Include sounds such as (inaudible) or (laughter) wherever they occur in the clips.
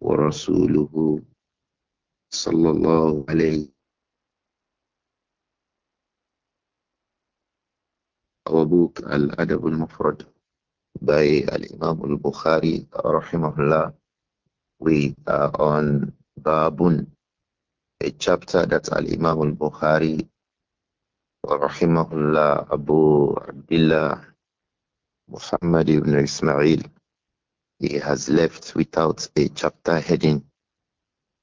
ورسوله صلى الله عليه Our book Al-Adab al-Mufrad by Al-Imam al-Bukhari rahimahullah we are on Babun a chapter that Al-Imam al-Bukhari rahimahullah Abu Abdullah Muhammad ibn Ismail he has left without a chapter heading.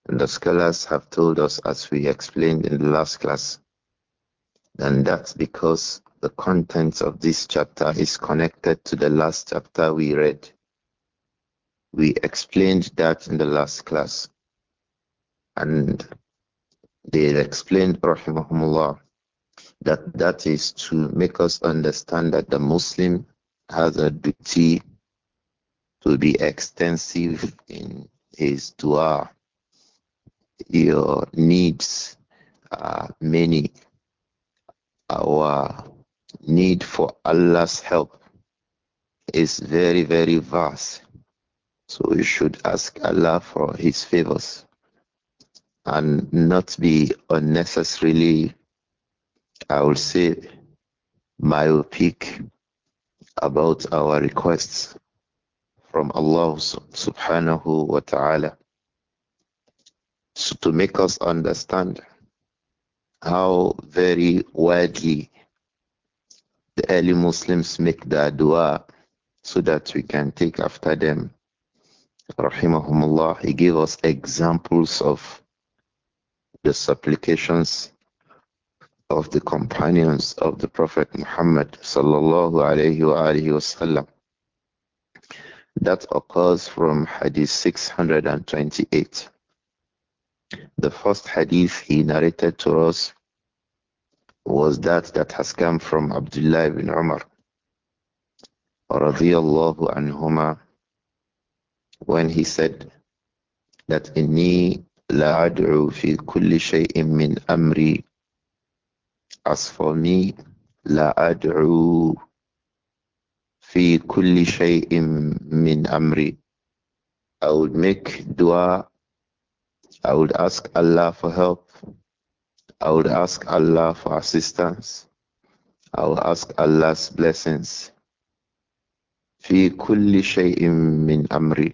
And the scholars have told us, as we explained in the last class, and that's because the contents of this chapter is connected to the last chapter we read. We explained that in the last class. And they explained, rahimahumullah, that that is to make us understand that the Muslim has a duty to be extensive in his dua. Your needs are uh, many. Our need for Allah's help is very, very vast. So we should ask Allah for His favors and not be unnecessarily, I would say, myopic about our requests from Allah subhanahu wa ta'ala so to make us understand how very widely the early Muslims make the dua so that we can take after them. Rahimahumullah, he gave us examples of the supplications of the companions of the Prophet Muhammad sallallahu alayhi wa that occurs from Hadith 628. The first Hadith he narrated to us was that that has come from Abdullah ibn Umar radiyallahu anhuma when he said that inni la ad'u fi kulli shay'in min amri as for me la ad'u في كل شيء من أمري I would make dua I would ask Allah for help I would ask Allah for assistance I would ask Allah's blessings في كل شيء من أمري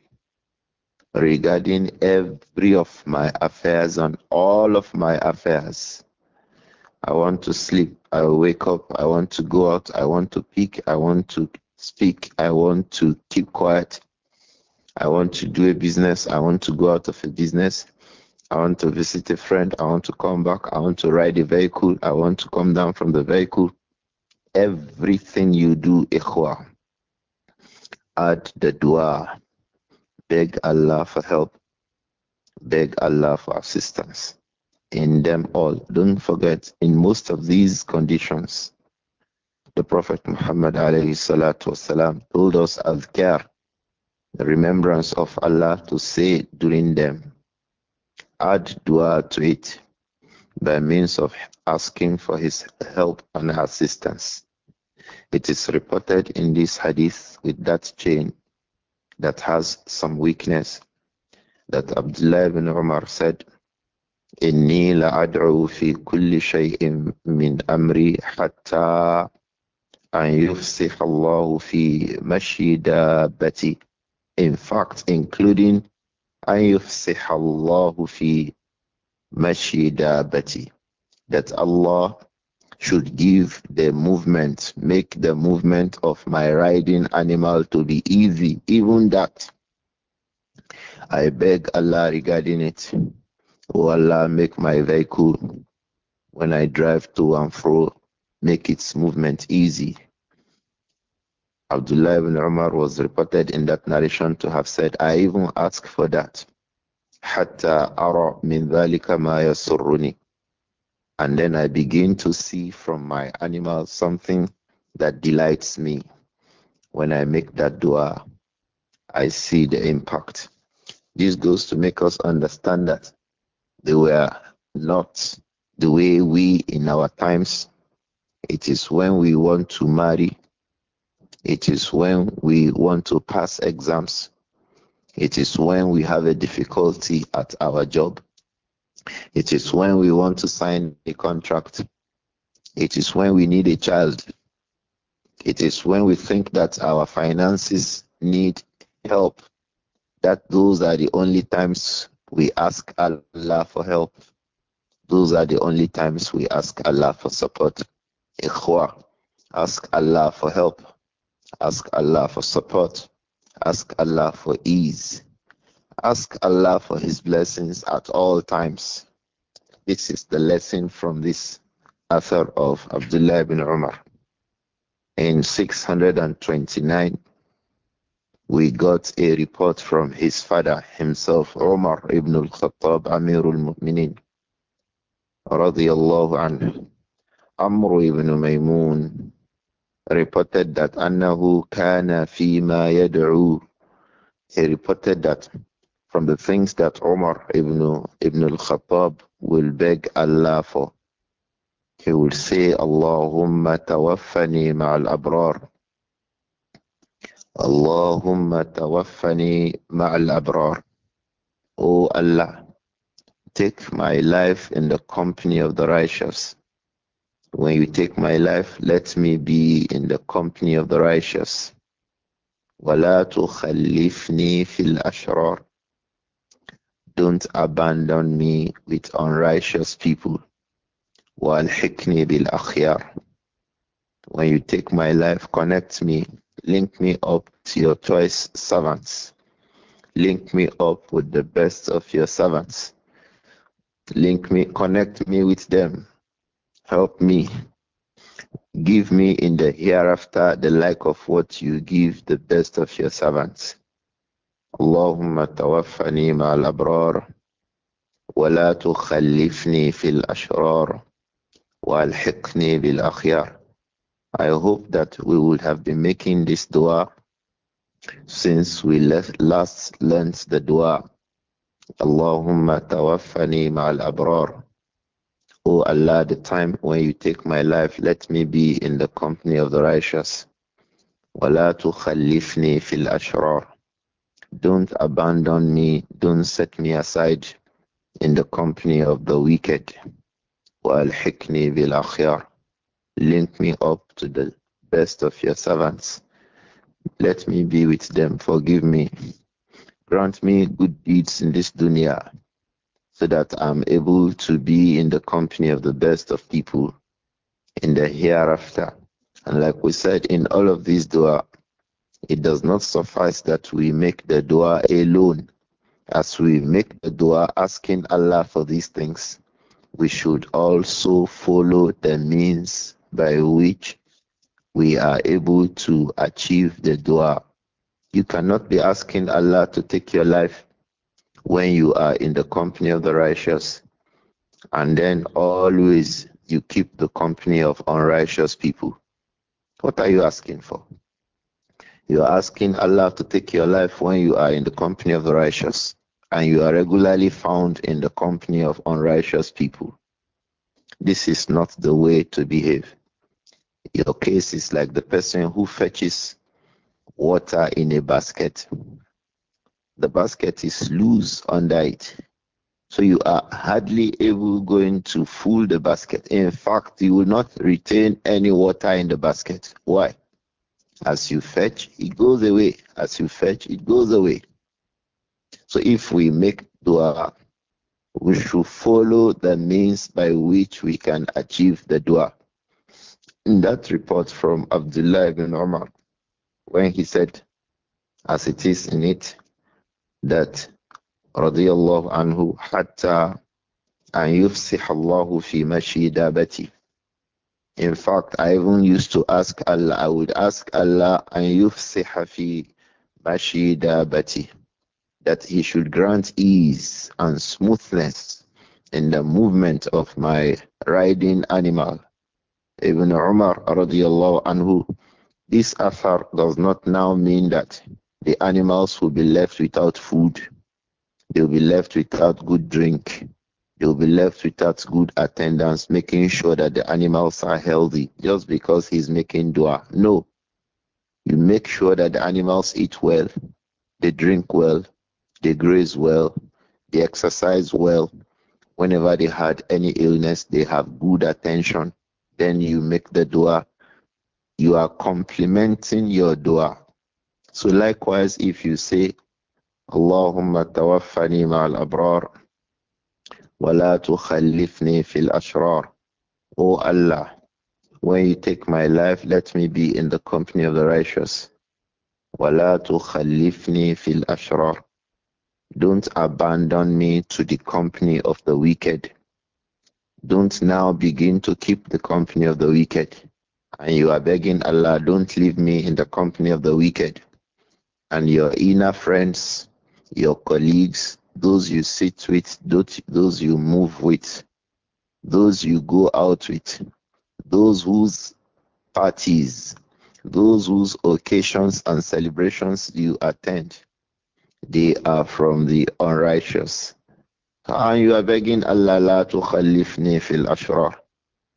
regarding every of my affairs and all of my affairs. I want to sleep. I wake up. I want to go out. I want to pick. I want to speak. I want to keep quiet. I want to do a business. I want to go out of a business. I want to visit a friend. I want to come back. I want to ride a vehicle. I want to come down from the vehicle. Everything you do, ikhwa, add the dua. Beg Allah for help. Beg Allah for assistance. In them all. Don't forget, in most of these conditions, the Prophet Muhammad والسلام, told us adhkar, the remembrance of Allah to say during them. Add dua to it by means of asking for his help and assistance. It is reported in this hadith with that chain that has some weakness that Abdullah ibn Umar said, إني لأدعو في كل شيء من أمري حتى أن يفسح الله fi مشي دابتي in fact including أن يفسح الله fi مشي دابتي that Allah should give the movement, make the movement of my riding animal to be easy, even that. I beg Allah regarding it. Oh Allah, make my vehicle when I drive to and fro make its movement easy. Abdullah ibn Umar was reported in that narration to have said, I even ask for that. Hatta ara min dhalika ma yasurruni. And then I begin to see from my animal something that delights me. When I make that dua, I see the impact. This goes to make us understand that they were not the way we in our times it is when we want to marry. It is when we want to pass exams. It is when we have a difficulty at our job. It is when we want to sign a contract. It is when we need a child. It is when we think that our finances need help. That those are the only times we ask Allah for help. Those are the only times we ask Allah for support. Ikhwa, ask Allah for help, ask Allah for support, ask Allah for ease, ask Allah for His blessings at all times. This is the lesson from this author of Abdullah ibn Umar. In 629, we got a report from his father himself, Umar ibn al-Khattab, Amirul Mu'minin, radiyallahu anhu عمرو ibn ميمون reported that Annahu kana fima يدعو He reported that from the things that Omar ibn, ibn al-Khattab will beg Allah for. He will say, Allahumma tawaffani ma'al abrar. Allahumma tawaffani ma'al abrar. O Allah, take my life in the company of the righteous. When you take my life, let me be in the company of the righteous. الْأَشْرَارِ Don't abandon me with unrighteous people. When you take my life, connect me, link me up to your choice servants. Link me up with the best of your servants. Link me, connect me with them Help me. Give me in the hereafter the like of what you give the best of your servants. اللهم توفني مع الأبرار ولا تخلفني في الأشرار والحقني بالأخيار I hope that we would have been making this dua since we left, last learned the dua اللهم توفني مع الأبرار O oh Allah, the time when you take my life, let me be in the company of the righteous. وَلَا تُخَلِّفْنِي فِي الْأَشْرَارِ Don't abandon me, don't set me aside in the company of the wicked. وَأَلْحِقْنِي بِالْأَخْيَارِ Link me up to the best of your servants. Let me be with them, forgive me. Grant me good deeds in this dunya so that I'm able to be in the company of the best of people in the hereafter. And like we said, in all of these dua, it does not suffice that we make the dua alone. As we make the dua asking Allah for these things, we should also follow the means by which we are able to achieve the dua. You cannot be asking Allah to take your life when you are in the company of the righteous, and then always you keep the company of unrighteous people. What are you asking for? You are asking Allah to take your life when you are in the company of the righteous, and you are regularly found in the company of unrighteous people. This is not the way to behave. Your case is like the person who fetches water in a basket the basket is loose under it. So you are hardly able going to full the basket. In fact, you will not retain any water in the basket. Why? As you fetch, it goes away. As you fetch, it goes away. So if we make dua, we should follow the means by which we can achieve the dua. In that report from Abdullah ibn Umar, when he said, as it is in it, that radiyallahu anhu hatta an yufsihallahu fi mashidabati. In fact, I even used to ask Allah, I would ask Allah an yufsiha fi mashidabati, that He should grant ease and smoothness in the movement of my riding animal. Ibn Umar radiallahu anhu, this affair does not now mean that the animals will be left without food, they'll be left without good drink, they'll be left without good attendance, making sure that the animals are healthy just because he's making dua. No. You make sure that the animals eat well, they drink well, they graze well, they exercise well. Whenever they had any illness, they have good attention. Then you make the dua. You are complementing your dua so likewise, if you say, Allahumma tawaffani ma'al abrar, wa la tukhallifni fil ashrar. O Allah, when you take my life, let me be in the company of the righteous. Wa la tukhallifni fil ashrar. Don't abandon me to the company of the wicked. Don't now begin to keep the company of the wicked. And you are begging Allah, don't leave me in the company of the wicked and your inner friends, your colleagues, those you sit with, those you move with, those you go out with, those whose parties, those whose occasions and celebrations you attend, they are from the unrighteous. And you are begging Allah to Khalifni fil ashrar.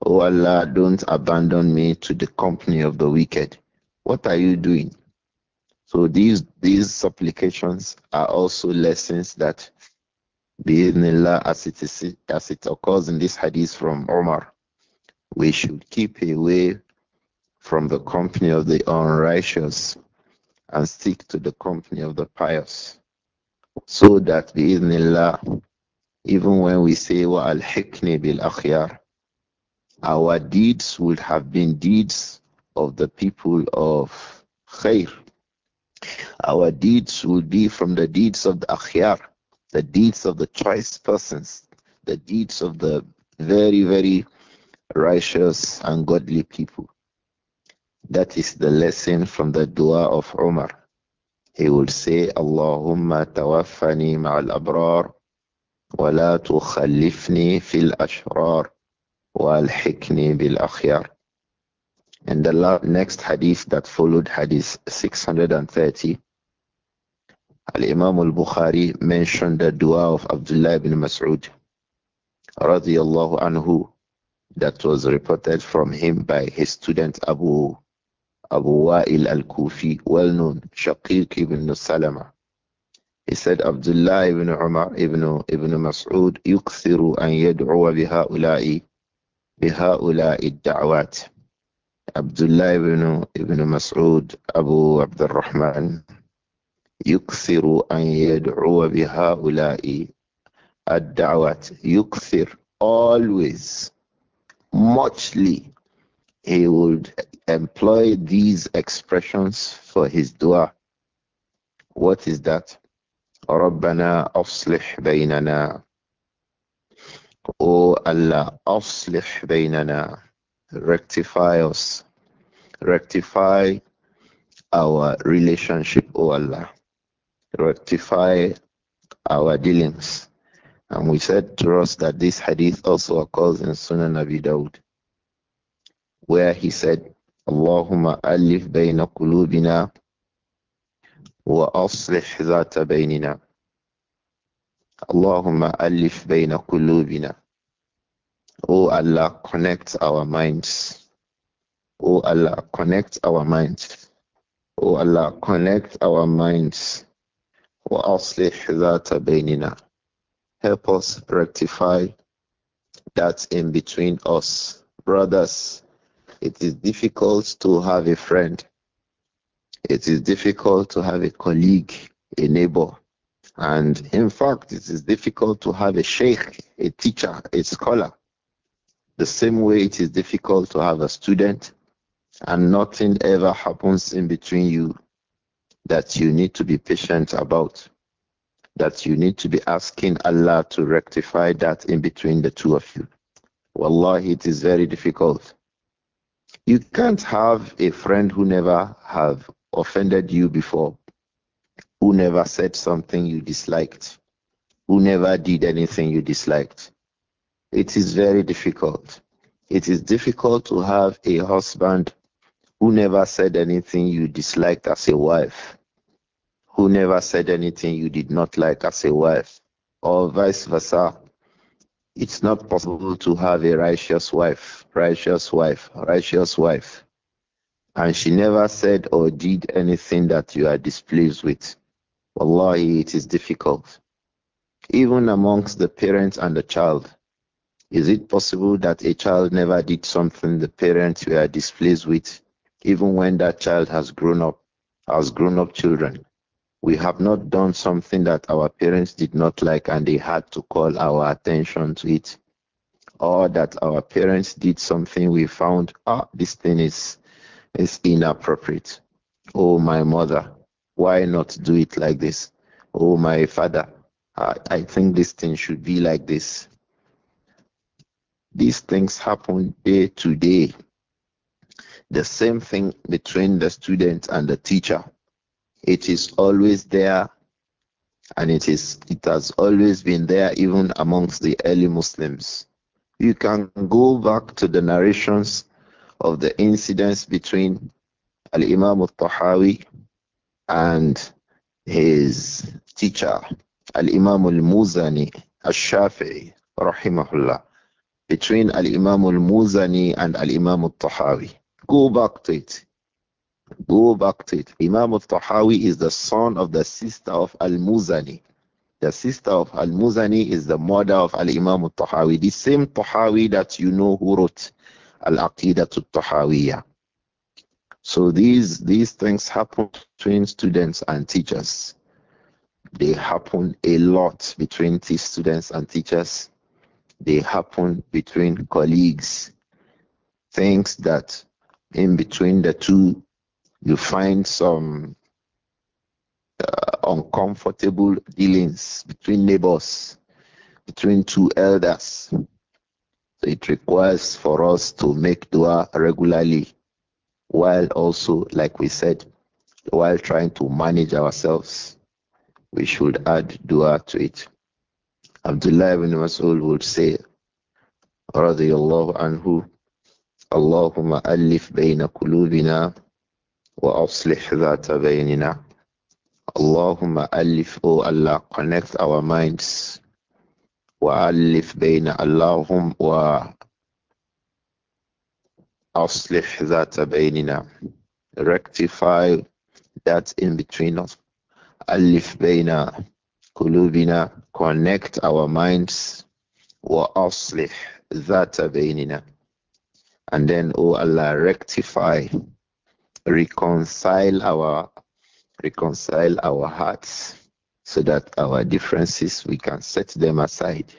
Oh Allah, don't abandon me to the company of the wicked. What are you doing? So these these supplications are also lessons that bi'idhnillah as it is as it occurs in this hadith from Omar, we should keep away from the company of the unrighteous and stick to the company of the pious. So that bi'idhnillah, even when we say wa al hikni bil akhyar, our deeds would have been deeds of the people of khair our deeds will be from the deeds of the akhyar, the deeds of the choice persons, the deeds of the very, very righteous and godly people. That is the lesson from the dua of Umar. He would say, Allahumma tawaffani ma'al abrar wa la tukhallifni fil ashrar wa alhikni bil akhyar. And the next hadith that followed, hadith 630, Al-Imam al-Bukhari mentioned the dua of Abdullah ibn Mas'ud radiyallahu anhu that was reported from him by his student Abu Abu Wa'il al-Kufi, well-known Shaqiq ibn Salama. He said, Abdullah ibn Umar ibn, ibn Mas'ud يكثر أن يدعو بهؤلاء بهؤلاء الدعوات. Abdullah ibn, ibn Mas'ud, Abu Abdurrahman, يكثر أن يدعو بهؤلاء الدعوات يكثر always muchly he would employ these expressions for his dua what is that ربنا أصلح بيننا O Allah أصلح بيننا rectify us rectify our relationship O Allah rectify our dealings. And we said to us that this hadith also occurs in Sunan Abi Dawud, where he said, Allahumma alif bayna kulubina wa aslih zata baynina. Allahumma alif bayna kulubina. O Allah, connect our minds. O Allah, connect our minds. O Allah, connect our minds. وأصلح ذات بيننا help us rectify that in between us brothers it is difficult to have a friend it is difficult to have a colleague a neighbor and in fact it is difficult to have a sheikh a teacher a scholar the same way it is difficult to have a student and nothing ever happens in between you that you need to be patient about, that you need to be asking Allah to rectify that in between the two of you. Wallahi, it is very difficult. You can't have a friend who never have offended you before, who never said something you disliked, who never did anything you disliked. It is very difficult. It is difficult to have a husband who never said anything you disliked as a wife? Who never said anything you did not like as a wife? Or vice versa. It's not possible to have a righteous wife, righteous wife, righteous wife. And she never said or did anything that you are displeased with. Wallahi, it is difficult. Even amongst the parents and the child, is it possible that a child never did something the parents were displeased with? even when that child has grown up, has grown up children. We have not done something that our parents did not like and they had to call our attention to it, or that our parents did something we found, ah, this thing is, is inappropriate. Oh, my mother, why not do it like this? Oh, my father, I, I think this thing should be like this. These things happen day to day the same thing between the student and the teacher. It is always there and it is it has always been there even amongst the early Muslims. You can go back to the narrations of the incidents between Al Imam al Tahawi and his teacher, Al Imam al Muzani, Al Shafi'i, Rahimahullah, between Al Imam al Muzani and Al Imam al Tahawi. Go back to it. Go back to it. Imam al-Tahawi is the son of the sister of Al-Muzani. The sister of Al-Muzani is the mother of Al-Imam al-Tahawi. The same Tahawi that you know who wrote Al-Aqidah al-Tahawiyah. So these, these things happen between students and teachers. They happen a lot between students and teachers. They happen between colleagues. Things that in between the two, you find some uh, uncomfortable dealings between neighbors, between two elders. So it requires for us to make dua regularly while also, like we said, while trying to manage ourselves, we should add dua to it. Abdullah ibn Mas'ud would say, رضي الله عنه اللهم ألف بين قلوبنا وأصلح ذات بيننا اللهم ألف أو Allah connect our minds وألف بين اللهم وأصلح ذات بيننا rectify that in between us ألف بين قلوبنا connect our minds وأصلح ذات بيننا and then, O oh Allah, rectify, reconcile our reconcile our hearts so that our differences we can set them aside.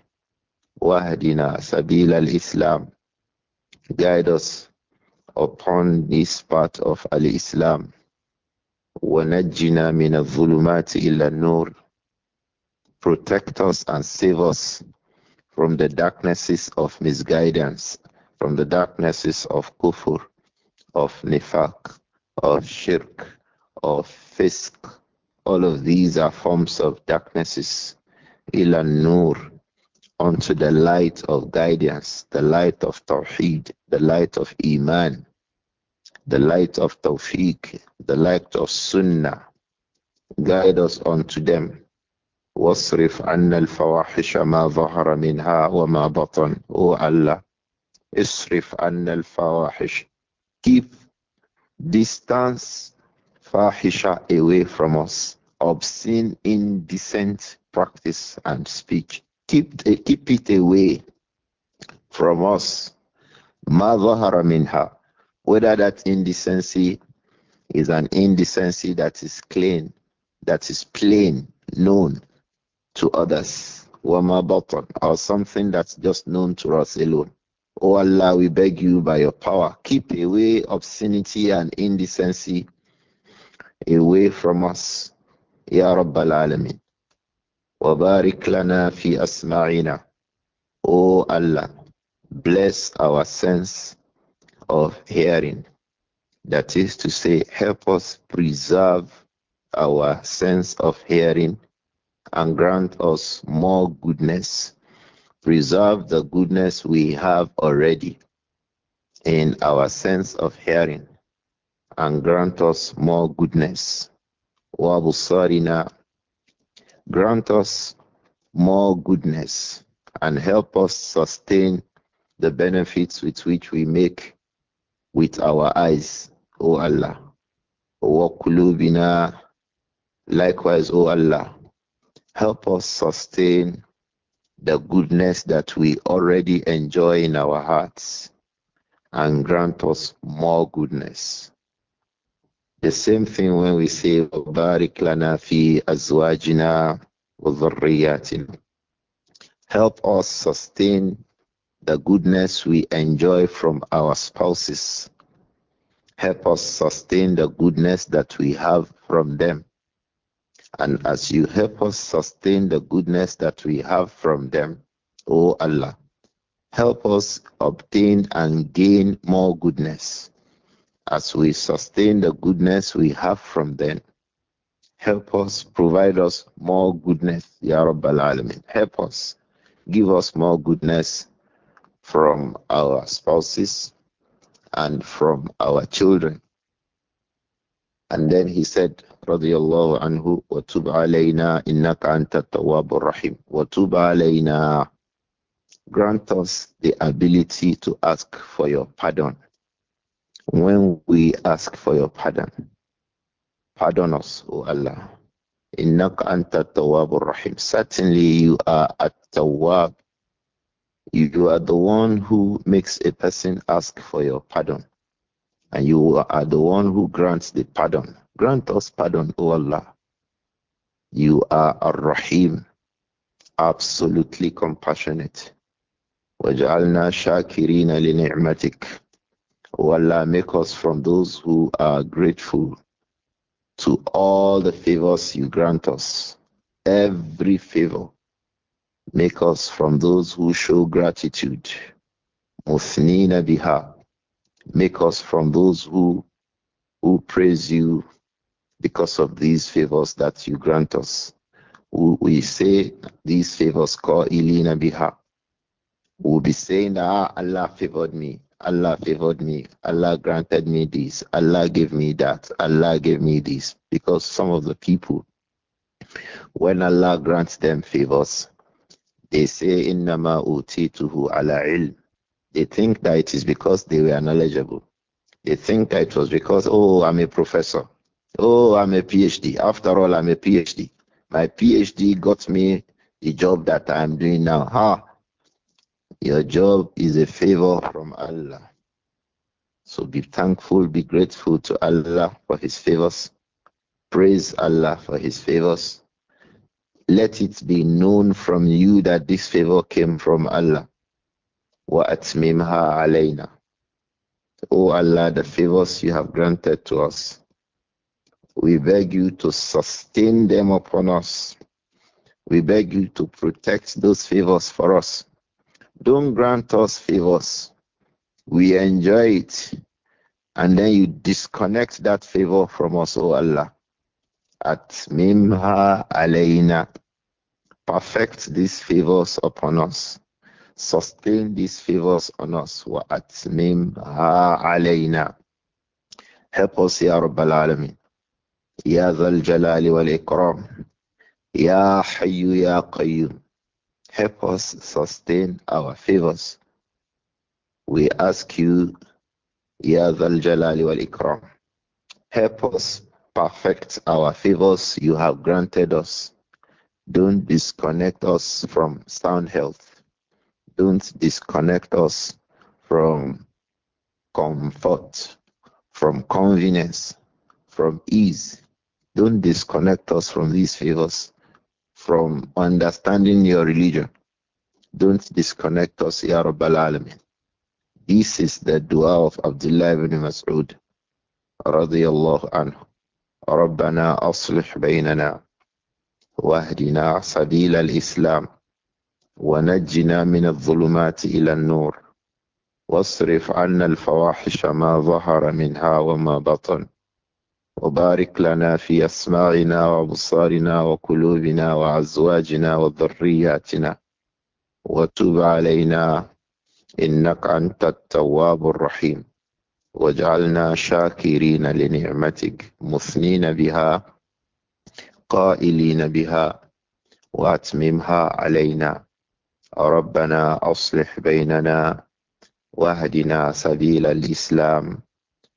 Wahdina Sabil al Islam. Guide us upon this path of Al Islam. Wanajina min al-zulumat nur. Protect us and save us from the darknesses of misguidance from the darknesses of kufr, of nifaq, of shirk, of fisk. All of these are forms of darknesses. Ilan nur, unto the light of guidance, the light of tawheed, the light of iman, the light of tawfiq, the light of sunnah. Guide us unto them. واصرف عنا الفواحش ما ظهر منها وما بطن. O Allah, Isrif an al fawahish. Keep distance fahisha away from us. Obscene, indecent practice and speech. Keep, eh, keep it away from us. Ma minha. Whether that indecency is an indecency that is clean, that is plain, known to others, or something that's just known to us alone. O oh Allah, we beg you by your power, keep away obscenity and indecency away from us. Ya Rabbal Alameen. وبارك لنا في أسماعنا O oh Allah, bless our sense of hearing. That is to say, help us preserve our sense of hearing and grant us more goodness preserve the goodness we have already in our sense of hearing and grant us more goodness. Wabusarina, grant us more goodness and help us sustain the benefits with which we make with our eyes, O Allah. Wakulubina, likewise, O Allah, help us sustain the goodness that we already enjoy in our hearts and grant us more goodness. The same thing when we say, Barik lana fi azwajina Help us sustain the goodness we enjoy from our spouses. Help us sustain the goodness that we have from them. And as you help us sustain the goodness that we have from them, O Allah, help us obtain and gain more goodness. As we sustain the goodness we have from them, help us, provide us more goodness, Ya Rabbal Alamin. Help us, give us more goodness from our spouses and from our children. And then he said, رضي الله عنه وتب علينا إنك أنت التواب الرحيم وتب علينا grant us the ability to ask for your pardon when we ask for your pardon pardon us O Allah إنك أنت التواب الرحيم certainly you are a tawab you are the one who makes a person ask for your pardon and you are the one who grants the pardon. Grant us pardon, O Allah. You are Ar Rahim, absolutely compassionate. وَجْعَلْنَا شَاكِرِينَ لِنِعْمَتِكَ O Allah, make us from those who are grateful to all the favors you grant us. Every favor. Make us from those who show gratitude. مُثْنِينَ بِهَا Make us from those who who praise you because of these favors that you grant us. We say these favors call Ilina Biha. We'll be saying, Ah, Allah favored me. Allah favored me. Allah granted me this. Allah gave me that. Allah gave me this. Because some of the people, when Allah grants them favors, they say, Innama utituhu ala ilm. They think that it is because they were knowledgeable. They think that it was because, oh, I'm a professor. Oh, I'm a PhD. After all, I'm a PhD. My PhD got me the job that I'm doing now. Ha! Huh? Your job is a favor from Allah. So be thankful, be grateful to Allah for His favors. Praise Allah for His favors. Let it be known from you that this favor came from Allah. وَأَتْمِمْهَا عَلَيْنَا O Allah, the favors you have granted to us, we beg you to sustain them upon us. We beg you to protect those favors for us. Don't grant us favors. We enjoy it. And then you disconnect that favor from us, O Allah. At Mimha Alayna. Perfect these favors upon us sustain these favors on us. Wa atmim ha alayna. Help us, Ya Rabbal Alameen. Ya Dhal Jalali wal Ikram. Ya Hayyu Ya Qayyum. Help us sustain our favors. We ask you, Ya Dhal Jalali wal Ikram. Help us perfect our favors you have granted us. Don't disconnect us from sound health don't disconnect us from comfort, from convenience, from ease. Don't disconnect us from these favors, from understanding your religion. Don't disconnect us, Ya Rabbal Alamin. This is the dua of Abdullah ibn Mas'ud, radiyallahu anhu. ربنا أصلح بيننا واهدنا سبيل الإسلام ونجنا من الظلمات إلى النور واصرف عنا الفواحش ما ظهر منها وما بطن وبارك لنا في أسماعنا وأبصارنا وقلوبنا وأزواجنا وذرياتنا وتب علينا إنك أنت التواب الرحيم واجعلنا شاكرين لنعمتك مثنين بها قائلين بها وأتممها علينا ربنا أصلح بيننا واهدنا سبيل الإسلام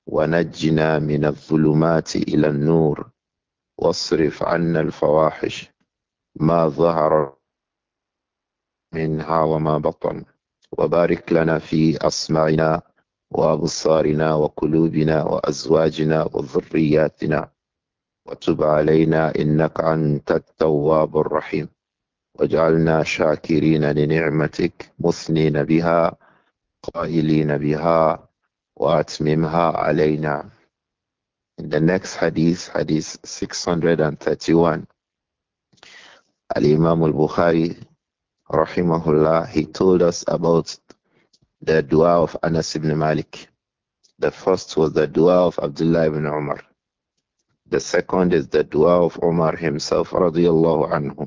ونجنا من الظلمات إلى النور واصرف عنا الفواحش ما ظهر منها وما بطن وبارك لنا في أسماعنا وأبصارنا وقلوبنا وأزواجنا وذرياتنا وتب علينا إنك أنت التواب الرحيم واجعلنا شاكرين لنعمتك مثنين بها قائلين بها وأتممها علينا In the next hadith, hadith 631, Al-Imam al-Bukhari, rahimahullah, he told us about the dua of Anas ibn Malik. The first was the dua of Abdullah ibn Umar. The second is the dua of Umar himself, radiyallahu anhu.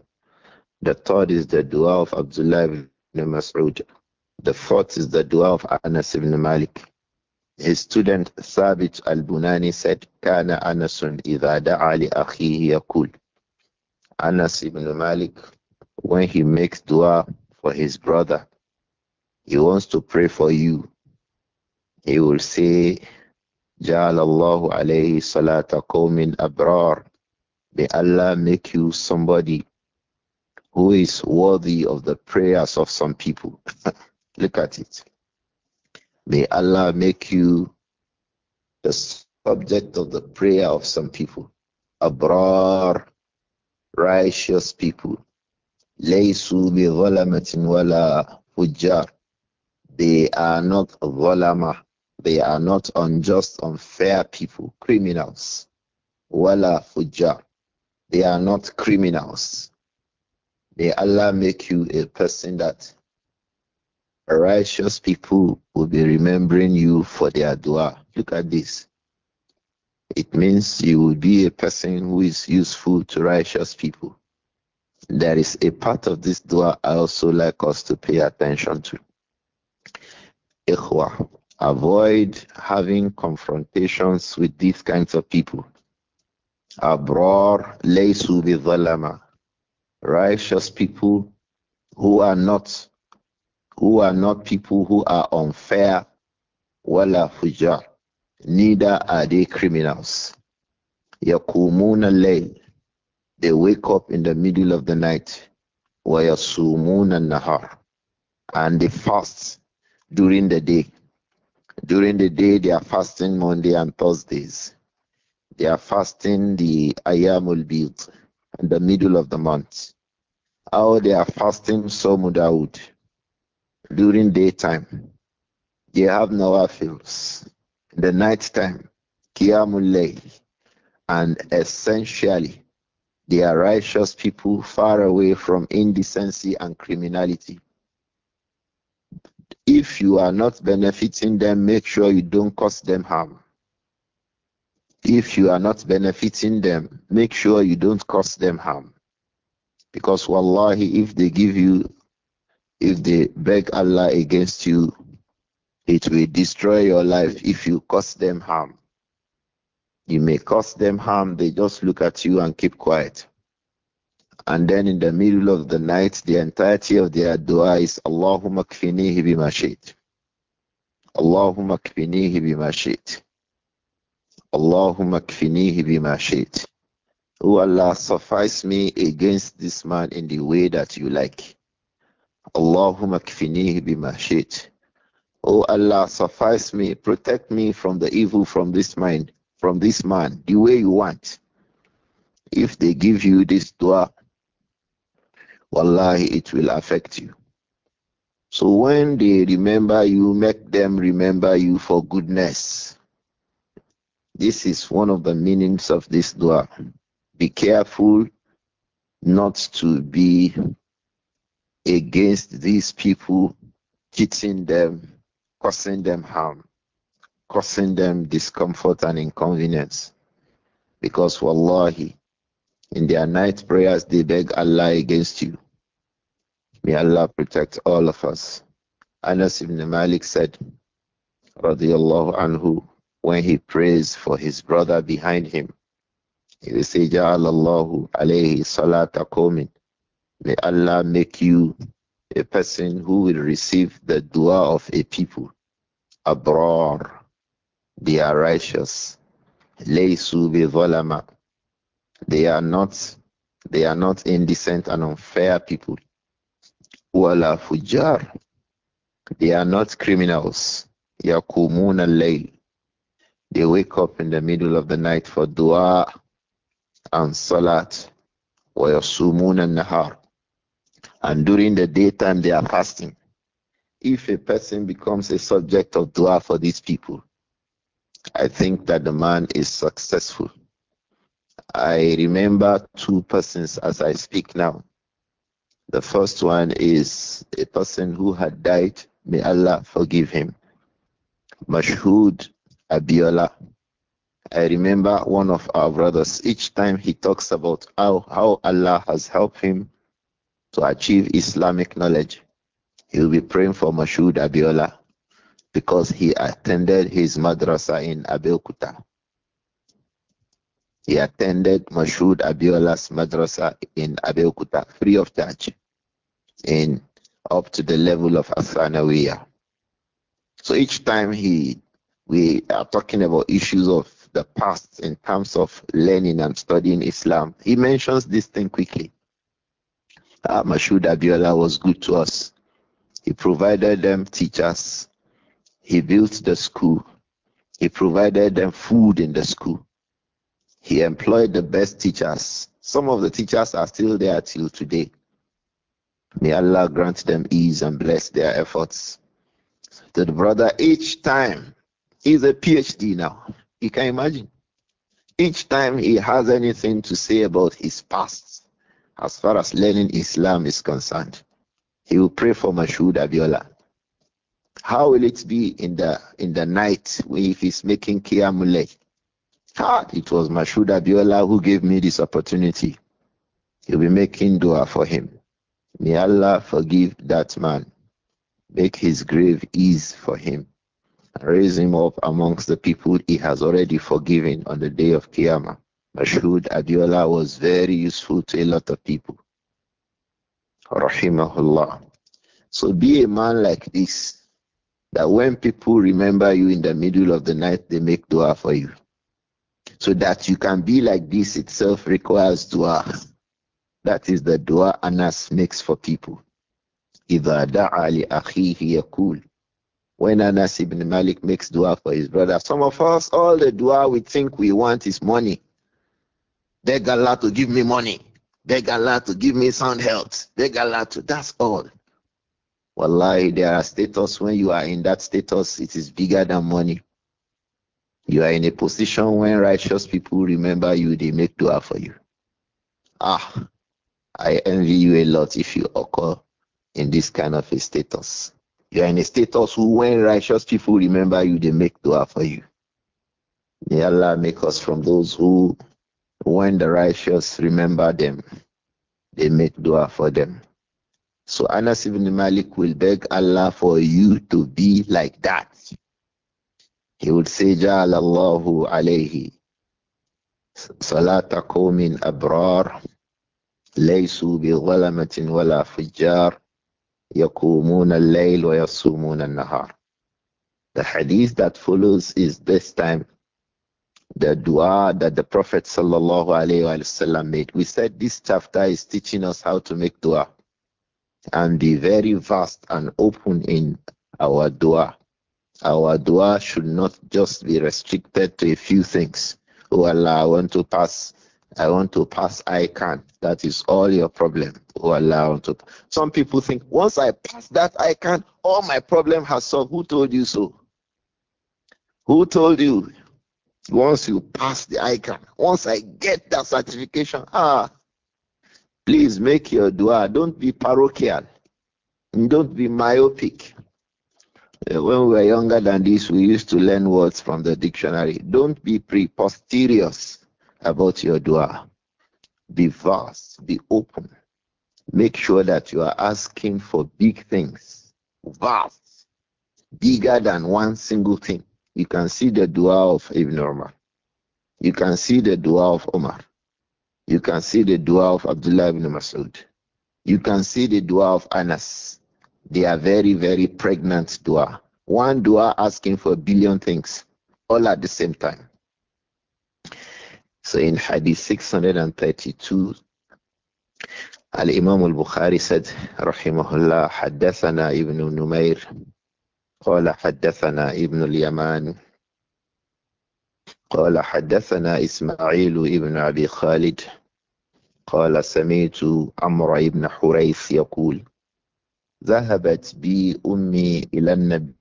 The third is the dua of Abdullah ibn Mas'ud. The fourth is the dua of Anas ibn Malik. His student Thabit al-Bunani said, Kana Anasun idha da'a li akhihi yakul. Anas ibn Malik, when he makes dua for his brother, he wants to pray for you. He will say, جعل الله عليه صلاة قوم أبرار. May Allah make you somebody who is worthy of the prayers of some people. (laughs) Look at it. May Allah make you the subject of the prayer of some people. Abrar, righteous people. Laysu bi zalamatin wala fujjar. They are not zalama. They are not unjust, unfair people, criminals. Wala fujjar. They are not criminals May Allah make you a person that righteous people will be remembering you for their dua. Look at this. It means you will be a person who is useful to righteous people. There is a part of this dua I also like us to pay attention to. Ikhwa, avoid having confrontations with these kinds of people. Abrar laysu bi righteous people who are not who are not people who are unfair wala fujar neither are they criminals yakumuna lay. they wake up in the middle of the night wayasumuna nahar and they fast during the day during the day they are fasting monday and thursdays they are fasting the ayamul bid and the middle of the month. How they are fasting some Dawood during daytime. They have nawafils. In the nighttime, Qiyamul And essentially, they are righteous people far away from indecency and criminality. If you are not benefiting them, make sure you don't cause them harm. If you are not benefiting them, make sure you don't cause them harm. Because wallahi, if they give you, if they beg Allah against you, it will destroy your life if you cause them harm. You may cause them harm, they just look at you and keep quiet. And then in the middle of the night, the entirety of their dua is Allahumma kfinihi bima shit. Allahumma kfinihi bima Allahumma kfinihi bima shayt. O Allah, suffice me against this man in the way that you like. Allahumma kfinihi bima shayt. O Allah, suffice me, protect me from the evil from this man, from this man, the way you want. If they give you this dua, wallahi, it will affect you. So when they remember you, make them remember you for goodness. This is one of the meanings of this dua. Be careful not to be against these people, cheating them, causing them harm, causing them discomfort and inconvenience. Because wallahi, in their night prayers, they beg Allah against you. May Allah protect all of us. Anas ibn Malik said, radiyallahu anhu, when he prays for his brother behind him. He will say, Ja'alallahu alayhi salata komin. May Allah make you a person who will receive the dua of a people. Abrar. They are righteous. Laysu bi zalama. They are not they are not indecent and unfair people. Wala fujar. They are not criminals. Yakumuna layl they wake up in the middle of the night for dua and salat. وَيَصُومُونَ النَّهَارِ And during the daytime, they are fasting. If a person becomes a subject of dua for these people, I think that the man is successful. I remember two persons as I speak now. The first one is a person who had died. May Allah forgive him. Mashhud Abiola. I remember one of our brothers, each time he talks about how, how Allah has helped him to achieve Islamic knowledge, he'll be praying for Mashud Abiola because he attended his madrasa in Abeokuta. He attended Mashud Abiola's madrasa in Abeokuta free of charge in up to the level of Athanawiya. So each time he we are talking about issues of the past in terms of learning and studying Islam. He mentions this thing quickly. Uh, ah, Mashud Abiola was good to us. He provided them teachers. He built the school. He provided them food in the school. He employed the best teachers. Some of the teachers are still there till today. May Allah grant them ease and bless their efforts. To the brother, each time He's a PhD now. You can imagine. Each time he has anything to say about his past, as far as learning Islam is concerned, he will pray for Mashoud Abiola. How will it be in the in the night if he's making Kiyamulay? Ah, it was Mashoud Abiola who gave me this opportunity. He'll be making dua for him. May Allah forgive that man. Make his grave ease for him raise him up amongst the people he has already forgiven on the day of Qiyamah. Mashud Adiola was very useful to a lot of people. Rahimahullah. So be a man like this, that when people remember you in the middle of the night, they make dua for you. So that you can be like this itself requires dua. That is the dua Anas makes for people. إذا دعى لأخيه يقول when Anas ibn Malik makes dua for his brother. Some of us, all the dua we think we want is money. Beg Allah to give me money. Beg Allah to give me sound health. Beg Allah to, that's all. Wallahi, there are status when you are in that status, it is bigger than money. You are in a position when righteous people remember you, they make dua for you. Ah, I envy you a lot if you occur in this kind of a status. You are in a status who, when righteous people remember you, they make dua for you. May Allah make us from those who, when the righteous remember them, they make dua for them. So Anas ibn Malik will beg Allah for you to be like that. He would say, Ja'al Allahu alayhi salata qawmin abrar laysu bi ghalamatin wala fujjar يقومون الليل ويصومون النهار the hadith that follows is this time the dua that the Prophet wasallam made. We said this chapter is teaching us how to make dua and be very vast and open in our dua. Our dua should not just be restricted to a few things. Oh Allah, I want to pass I want to pass, I can. That is all your problem. Who allow to. Some people think once I pass that, I can. All my problem has solved. Who told you so? Who told you? Once you pass the icon, once I get that certification, ah, please make your dua. Don't be parochial. Don't be myopic. Uh, when we were younger than this, we used to learn words from the dictionary. Don't be preposterous about your dua. Be vast, be open. Make sure that you are asking for big things, vast, bigger than one single thing. You can see the dua of Ibn Umar. You can see the dua of Omar. You can see the dua of Abdullah ibn Masud. You can see the dua of Anas. They are very, very pregnant dua. One dua asking for a billion things all at the same time. So in Hadith 632, Al Imam al Bukhari said, Rahimahullah, Haddathana ibn Numair, Qala Haddathana ibn al Yaman, Qala Haddathana Ismail ibn Abi Khalid, Qala Samitu Amra ibn Hurayth, Yakul, Zahabat bi ummi ilan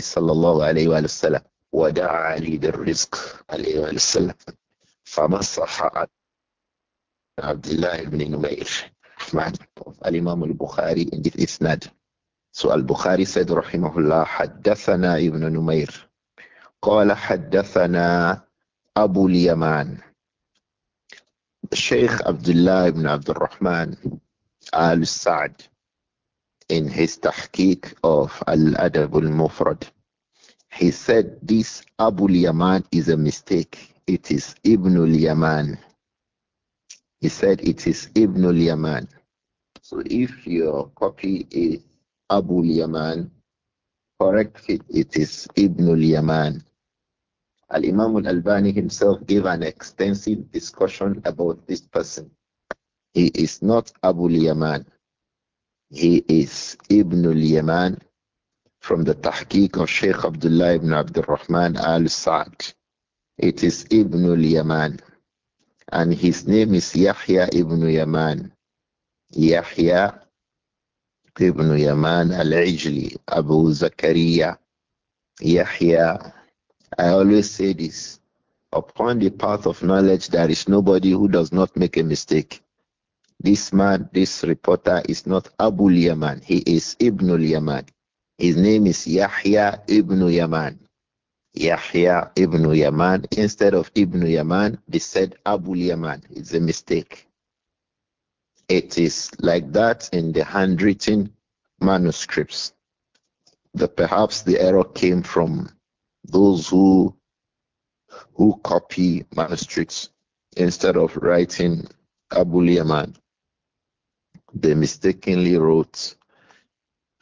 صلى الله عليه وآله وسلم ودعا لي بالرزق عليه وآله وسلم فما صح عبد الله بن نمير الإمام البخاري in this isnad البخاري سيد رحمه الله حدثنا ابن نمير قال حدثنا أبو اليمان الشيخ عبد الله بن عبد الرحمن آل السعد in his tahqiq of Al-Adab al-Mufrad. He said this Abu Yaman is a mistake. It is Ibn al-Yaman. He said it is Ibn al-Yaman. So if your copy is Abu al-Yaman, correct it, it is Ibn al-Yaman. Al-Imam al-Albani himself gave an extensive discussion about this person. He is not Abu al-Yaman he is Ibn al-Yaman from the Tahqiq of Sheikh Abdullah ibn Abdul Rahman al-Sa'd. It is Ibn al-Yaman. And his name is Yahya ibn Yaman. Yahya ibn Yaman al-Ijli, Abu Zakaria, Yahya. I always say this. Upon the path of knowledge, there is nobody who does not make a mistake. This man, this reporter is not Abu Yaman, he is Ibn Yaman. His name is Yahya ibn Yaman. Yahya ibn Yaman. Instead of Ibn Yaman, they said Abu Yaman. It's a mistake. It is like that in the handwritten manuscripts. That perhaps the error came from those who who copy manuscripts instead of writing Abu Yaman they mistakenly wrote,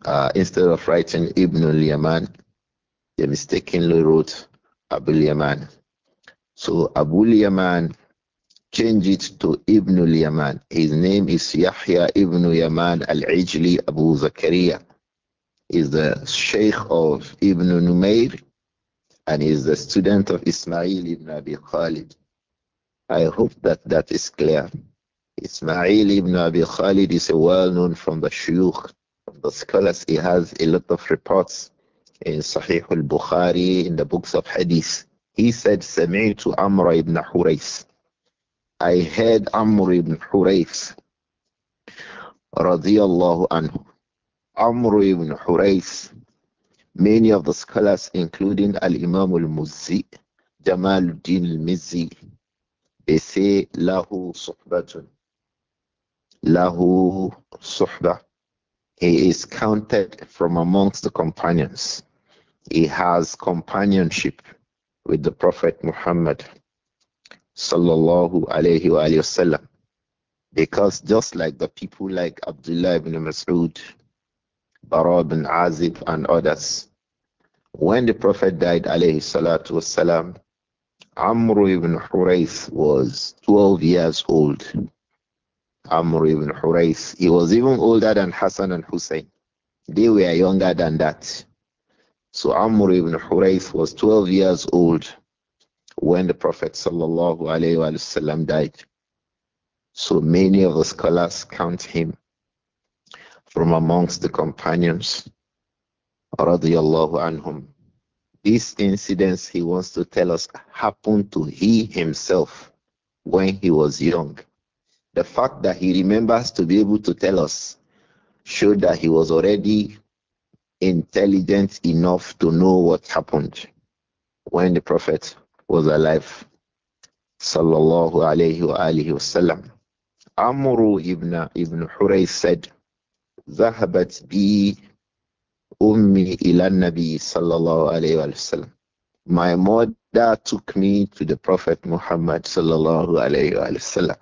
uh, instead of writing Ibn al-Yaman, they mistakenly wrote Abu yaman So Abu yaman changed it to Ibn al-Yaman. His name is Yahya ibn Yaman al-Ijli Abu Zakaria. Is the Sheikh of Ibn Numair and is the student of Ismail ibn Abi Khalid. I hope that that is clear. Ismail ibn Abi Khalid is well known from the shuyukh, from the scholars. He has a lot of reports in Sahih al-Bukhari, in the books of hadith. He said, to Amr ibn Hurais. I heard Amr ibn Hurais, radiyallahu anhu. Amr ibn Hurais, many of the scholars, including Al-Imam al muzi Jamaluddin al-Mizzi, they say, lahu suhbatun lahu suhbah. He is counted from amongst the companions. He has companionship with the Prophet Muhammad sallallahu alayhi wa sallam. Because just like the people like Abdullah ibn Mas'ud, Bara ibn Azib and others, when the Prophet died alayhi salatu wasalam, Amr ibn Hurayth was 12 years old Amr ibn Hurais. He was even older than Hassan and Hussein. They were younger than that. So Amr ibn Hurais was 12 years old when the Prophet وسلم, died. So many of the scholars count him from amongst the companions. Anhum. These incidents he wants to tell us happened to he himself when he was young. The fact that he remembers to be able to tell us showed that he was already intelligent enough to know what happened when the Prophet was alive. Sallallahu alayhi wa alihi wasallam. Amru ibn, ibn Huray said, ذهبت بي أمي إلى النبي صلى الله عليه وسلم. My mother took me to the Prophet Muhammad sallallahu alayhi wa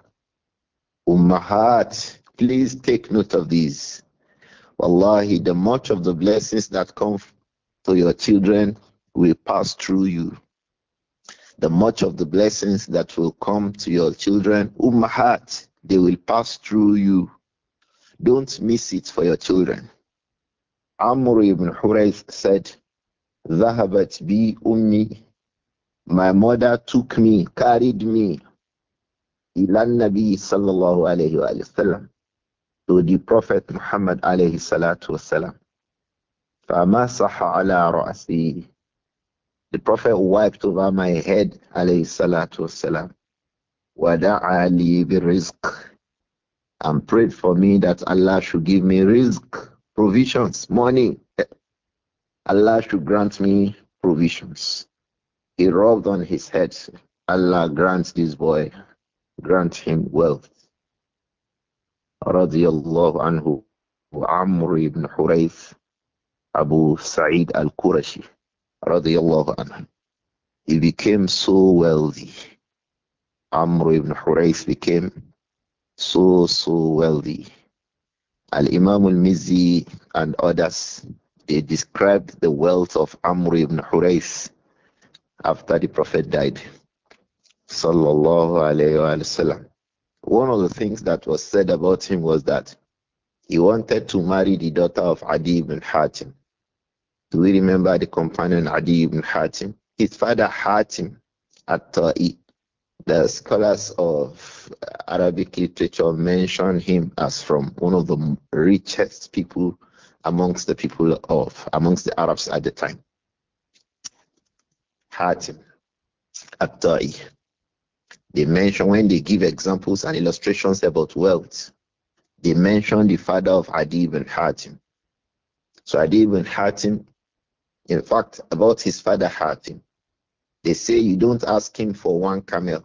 Ummahat. Please take note of these. Wallahi, the much of the blessings that come to your children will pass through you. The much of the blessings that will come to your children, ummahat, they will pass through you. Don't miss it for your children. Amr ibn Hurayth said, "Zahabat bi ummi." My mother took me, carried me, إلى النبي صلى الله عليه وآله وسلم to the Prophet Muhammad عليه الصلاة والسلام فمسح على رأسي The Prophet wiped over my head عليه الصلاة والسلام ودعا لي بالرزق and prayed for me that Allah should give me rizq, provisions, money. Allah should grant me provisions. He rubbed on his head. Allah grants this boy grant him wealth. رضي الله عنه وعمر بن حريث Abu Sa'id al-Qurashi radiyallahu anhu. He became so wealthy. Amr ibn Hurayth became so, so wealthy. Al-Imam al-Mizzi and others, they described the wealth of Amr ibn Hurayth after the Prophet died sallallahu alayhi wasallam. One of the things that was said about him was that he wanted to marry the daughter of Adi ibn Hatim. Do we remember the companion Adi ibn Hatim? His father Hatim at the scholars of Arabic literature mention him as from one of the richest people amongst the people of amongst the Arabs at the time. Hatim at-Ta'i. They mention when they give examples and illustrations about wealth, they mention the father of Adi ibn Hatim. So Adi ibn Hatim, in fact, about his father Hatim, they say you don't ask him for one camel.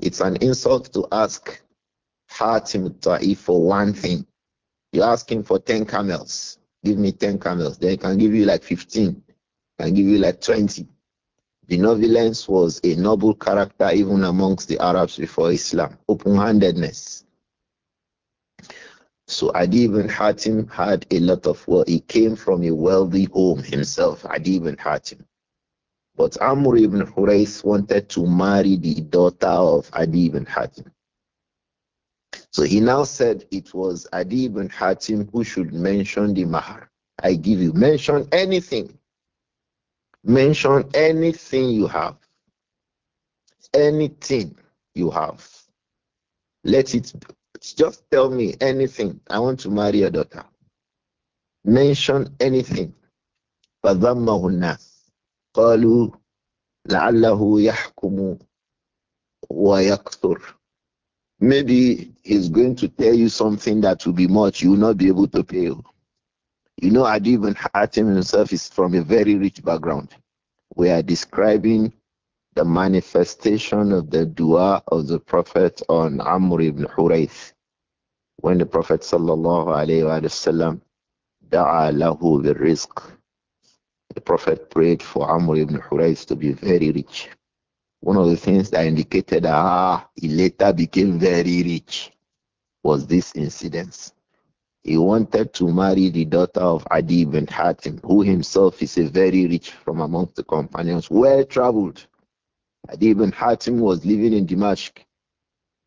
It's an insult to ask Hatim Ta'if for one thing. You ask him for 10 camels. Give me 10 camels. Then he can give you like 15, can give you like 20. Benevolence was a noble character even amongst the Arabs before Islam. Open handedness. So Adi ibn Hatim had a lot of wealth. He came from a wealthy home himself, Adi ibn Hatim. But Amr ibn Hurais wanted to marry the daughter of Adi ibn Hatim. So he now said it was Adi ibn Hatim who should mention the mahar. I give you, mention anything. Mention anything you have. Anything you have. Let it just tell me anything. I want to marry your daughter. Mention anything. فَذَمَّهُ النَّاسِ قَالُوا لَعَلَّهُ يَحْكُمُ وَيَكْثُرُ Maybe he's going to tell you something that will be much. You will not be able to pay. You. You know, Adi ibn Hatim himself is from a very rich background. We are describing the manifestation of the dua of the Prophet on Amr ibn Hurayth. When the Prophet sallallahu alayhi wa sallam da'a lahu rizq. The Prophet prayed for Amr ibn Hurayth to be very rich. One of the things that indicated ah, he later became very rich was this incident he wanted to marry the daughter of Adi bin Hatim, who himself is a very rich from amongst the companions, well traveled. Adi bin Hatim was living in Dimashq.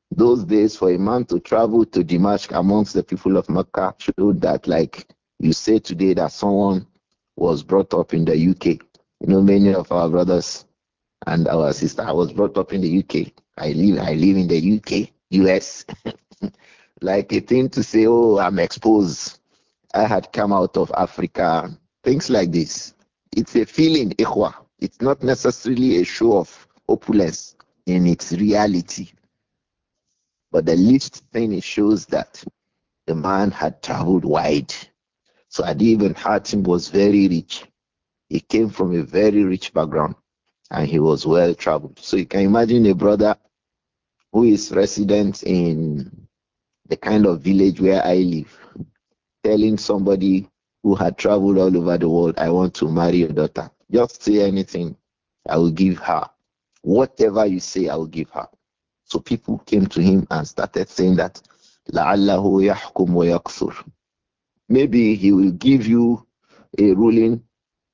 Those days, for a man to travel to Dimashq amongst the people of Mecca showed that, like you say today, that someone was brought up in the UK. You know, many of our brothers and our sister. I was brought up in the UK. I live I live in the UK, US. (laughs) like a thing to say, oh, I'm exposed. I had come out of Africa. Things like this. It's a feeling, ikhwa. It's not necessarily a show of opulence in its reality. But the least thing it shows that the man had traveled wide. So even ibn him was very rich. He came from a very rich background and he was well traveled. So you can imagine a brother who is resident in the kind of village where I live, telling somebody who had traveled all over the world, I want to marry your daughter. Just say anything, I will give her. Whatever you say, I will give her. So people came to him and started saying that, لَعَلَّهُ wa وَيَقْصُرُ Maybe he will give you a ruling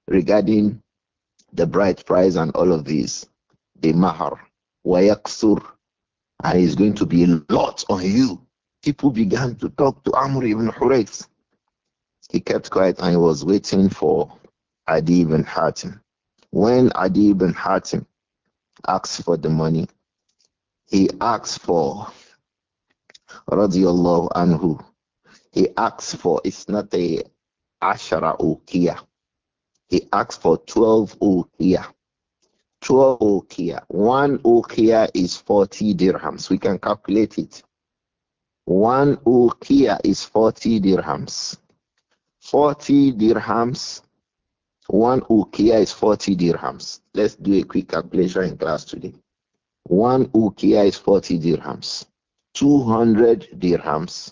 regarding the bride price and all of these, the mahar, wa وَيَقْصُرُ and he's going to be a lot on you people began to talk to Amr ibn Hurayth. He kept quiet and he was waiting for Adi ibn Hatim. When Adi ibn Hatim asked for the money, he asked for radiallahu anhu. He asked for it's not a ashara ukiya. He asked for 12 ukiya. 12 ukiya. One ukiya is 40 dirhams. We can calculate it. One ukiya is 40 dirhams. 40 dirhams. One ukiya is 40 dirhams. Let's do a quick calculation in class today. One ukiya is 40 dirhams. 200 dirhams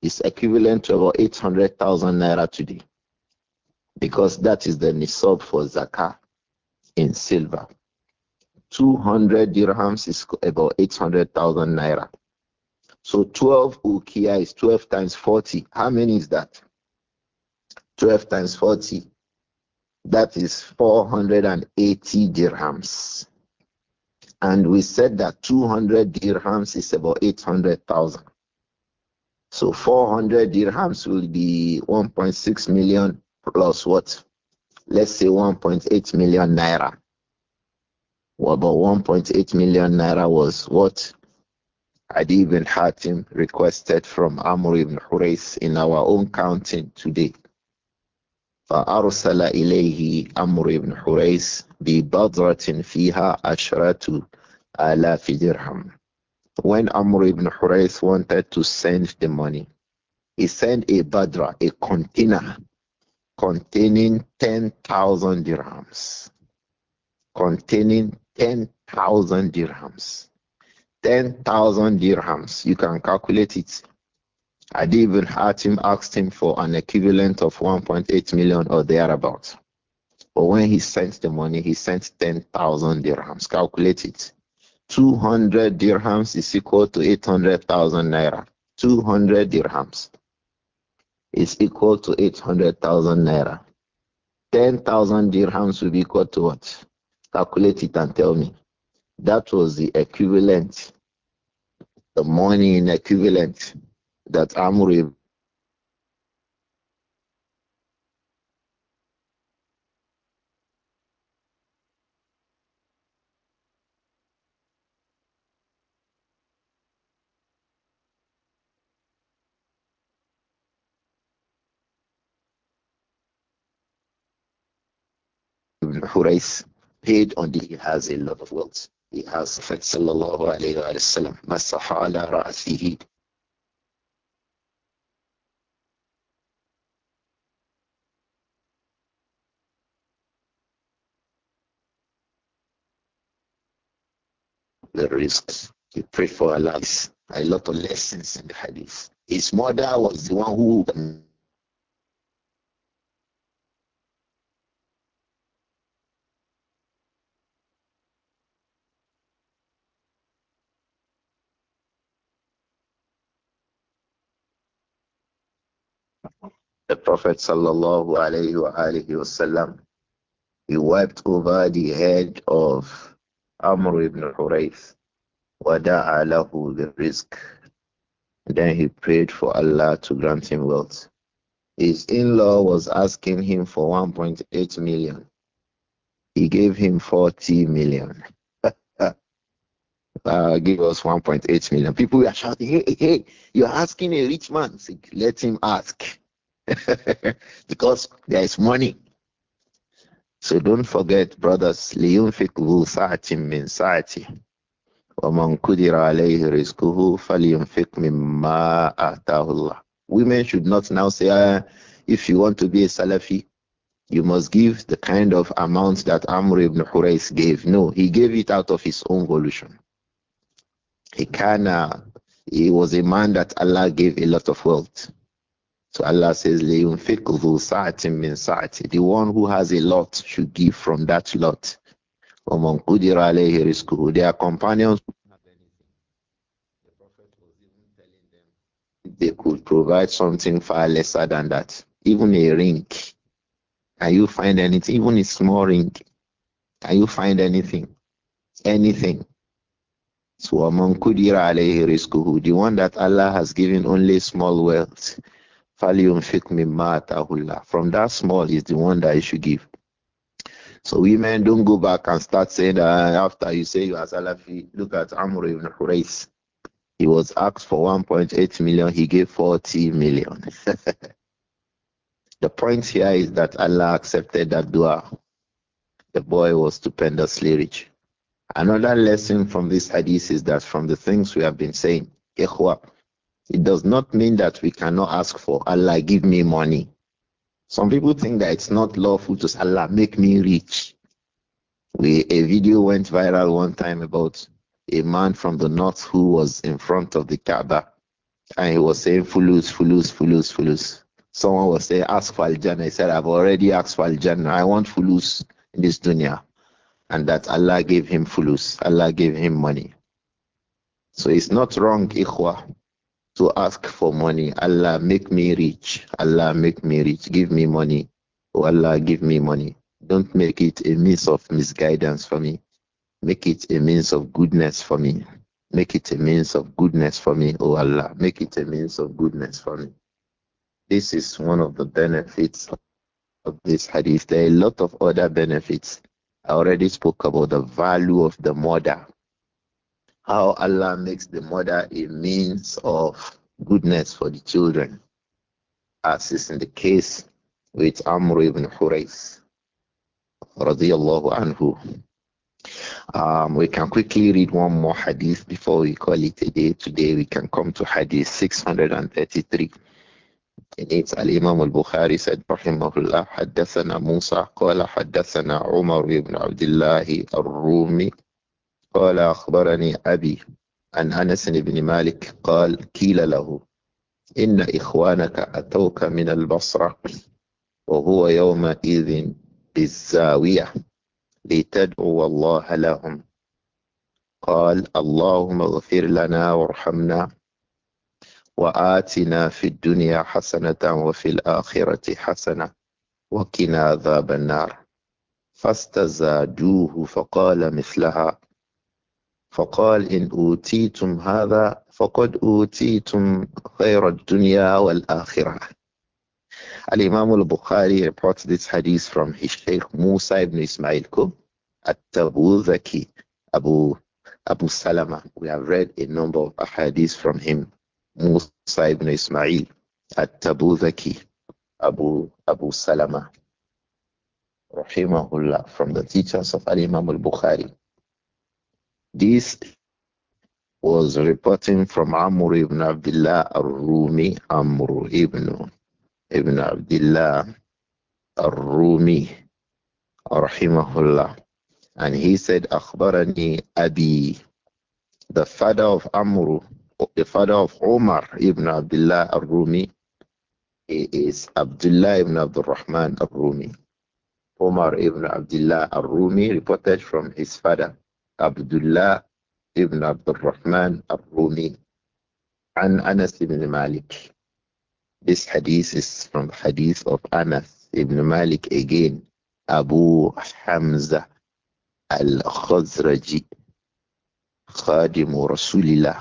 is equivalent to about 800,000 naira today. Because that is the nisab for zakah in silver. 200 dirhams is about 800,000 naira. So 12 ukiya is 12 times 40. How many is that? 12 times 40. That is 480 dirhams. And we said that 200 dirhams is about 800,000. So 400 dirhams will be 1.6 million plus what? Let's say 1.8 million naira. Well, about 1.8 million naira was what? Adi ibn Hatim requested from Amr ibn Hurais in our own counting today. فأرسل إليه أمر بن حريس ببضرة فيها عشرة آلاف درهم. When Amr ibn Hurais wanted to send the money, he sent a badra, a container containing 10,000 dirhams. Containing 10,000 dirhams. 10,000 dirhams. You can calculate it. even ibn him asked him for an equivalent of 1.8 million or thereabouts. But when he sent the money, he sent 10,000 dirhams. Calculate it. 200 dirhams is equal to 800,000 naira. 200 dirhams is equal to 800,000 naira. 10,000 dirhams will be equal to what? Calculate it and tell me. That was the equivalent the money in equivalent that Amory Hurais paid on the he has a lot of wealth. He صلى Prophet عليه وآله وسلم مسح على رأسه the risks. He prayed for Allah. A lot of lessons in the hadith. His mother was the one who The Prophet sallallahu he wiped over the head of Amr ibn Hurayth. Wada'a lahu the risk. Then he prayed for Allah to grant him wealth. His in-law was asking him for 1.8 million. He gave him 40 million. (laughs) uh, give us 1.8 million. People were shouting, hey, hey, hey, you're asking a rich man. Let him ask. (laughs) because there is money. So don't forget, brothers, لِيُنْفِقْ ذُو Sati مِّنْ سَعَةِهِ وَمَنْ قُدِرَ عَلَيْهِ رِزْقُهُ فَلْيُنْفِقْ مِمَّا Women should not now say, ah, if you want to be a Salafi, you must give the kind of amount that Amr ibn Hurais gave. No, he gave it out of his own volition. He, kind he was a man that Allah gave a lot of wealth. So Allah says, لَيُنْفِقْهُ سَعَةٍ min سَعَةِ The one who has a lot should give from that lot. Among قُدِرَ عَلَيْهِ رِزْقُهُ Their companions they could provide something far lesser than that. Even a ring. Can you find anything? Even a small ring. Can you find anything? Anything. So among Kudira alayhi the one that Allah has given only small wealth, from that small is the one that you should give. So women don't go back and start saying that ah, after you say you are Salafi, look at Amr ibn Hurais. He was asked for 1.8 million, he gave 40 million. (laughs) the point here is that Allah accepted that dua. The boy was stupendously rich. Another lesson from this hadith is that from the things we have been saying, it does not mean that we cannot ask for Allah, give me money. Some people think that it's not lawful to say, Allah, make me rich. We, a video went viral one time about a man from the north who was in front of the Kaaba and he was saying, Fulus, Fulus, Fulus, Fulus. Someone was saying, Ask for Al-Jannah. He said, I've already asked for Al-Jannah. I want Fulus in this dunya. And that Allah gave him Fulus. Allah gave him money. So it's not wrong, Ikhwa, to ask for money. Allah, make me rich. Allah, make me rich. Give me money. Oh Allah, give me money. Don't make it a means of misguidance for me. Make it a means of goodness for me. Make it a means of goodness for me, oh Allah. Make it a means of goodness for me. This is one of the benefits of this hadith. There are a lot of other benefits. I already spoke about the value of the mother how Allah makes the mother a means of goodness for the children, as is in the case with Amr ibn Hurais, radiallahu anhu. Um, we can quickly read one more hadith before we call it a day. Today we can come to hadith 633. In it, Al-Imam al-Bukhari said, Rahimahullah, حدثنا موسى قال حدثنا عمر بن عبد الله الرومي قال أخبرني أبي عن أنس بن مالك قال قيل له إن إخوانك أتوك من البصرة وهو يومئذ بالزاوية لتدعو الله لهم قال اللهم اغفر لنا وارحمنا وآتنا في الدنيا حسنة وفي الآخرة حسنة وقنا عذاب النار فاستزادوه فقال مثلها فقال إن أوتيتم هذا فقد أوتيتم خير الدنيا والآخرة Al-Imam al-Bukhari reports this hadith from his Shaykh Musa ibn Ismail al at-Tabuzaki Abu Abu Salama. We have read a number of hadiths from him. Musa ibn Ismail at-Tabuzaki Abu Abu Salama rahimahullah from the teachers of Al-Imam al-Bukhari. This was reporting from Amr ibn Abdullah al-Rumi, Amr ibn, ibn Abdullah al-Rumi, rahimahullah. And he said, Akhbarani Abi, the father of Amr, the father of Omar ibn Abdullah al-Rumi, is Abdullah ibn Abdul Rahman al-Rumi. Omar ibn Abdullah al-Rumi reported from his father, Abdullah ibn Abdul Rahman al-Rumi an Anas ibn Malik. This hadith is from the hadith of Anas ibn Malik again, Abu Hamza al-Khazraji, Khadimu Rasulillah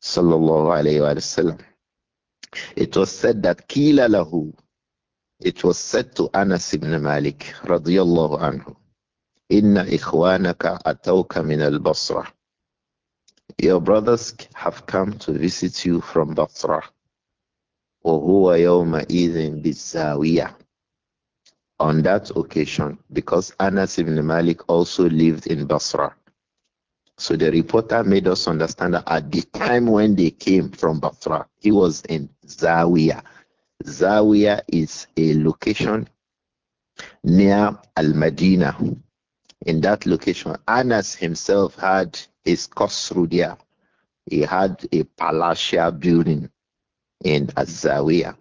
sallallahu alayhi wa sallam. It was said that Kila lahu, it was said to Anas ibn Malik radiyallahu anhu, Inna ikhwanaka atawka min al Basra. Your brothers have come to visit you from Basra. وهو in بالزاوية. On that occasion, because Anas ibn Malik also lived in Basra. So the reporter made us understand that at the time when they came from Basra, he was in Zawiya. Zawiya is a location near Al Madinah in that location. Anas himself had his Kosrudia. He had a palatial building in Azawiyah.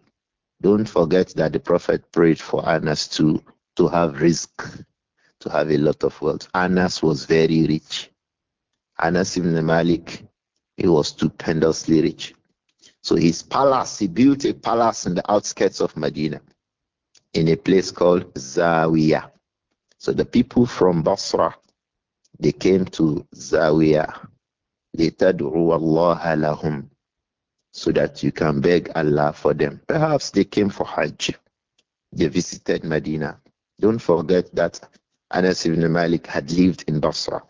Don't forget that the Prophet prayed for Anas to, to have risk, to have a lot of wealth. Anas was very rich. Anas ibn Malik, he was stupendously rich. So his palace, he built a palace in the outskirts of Medina in a place called Zawiya. So the people from Basra, they came to Zawiya. لِتَدْعُوا ala hum, So that you can beg Allah for them. Perhaps they came for Hajj. They visited Medina. Don't forget that Anas ibn Malik had lived in Basra.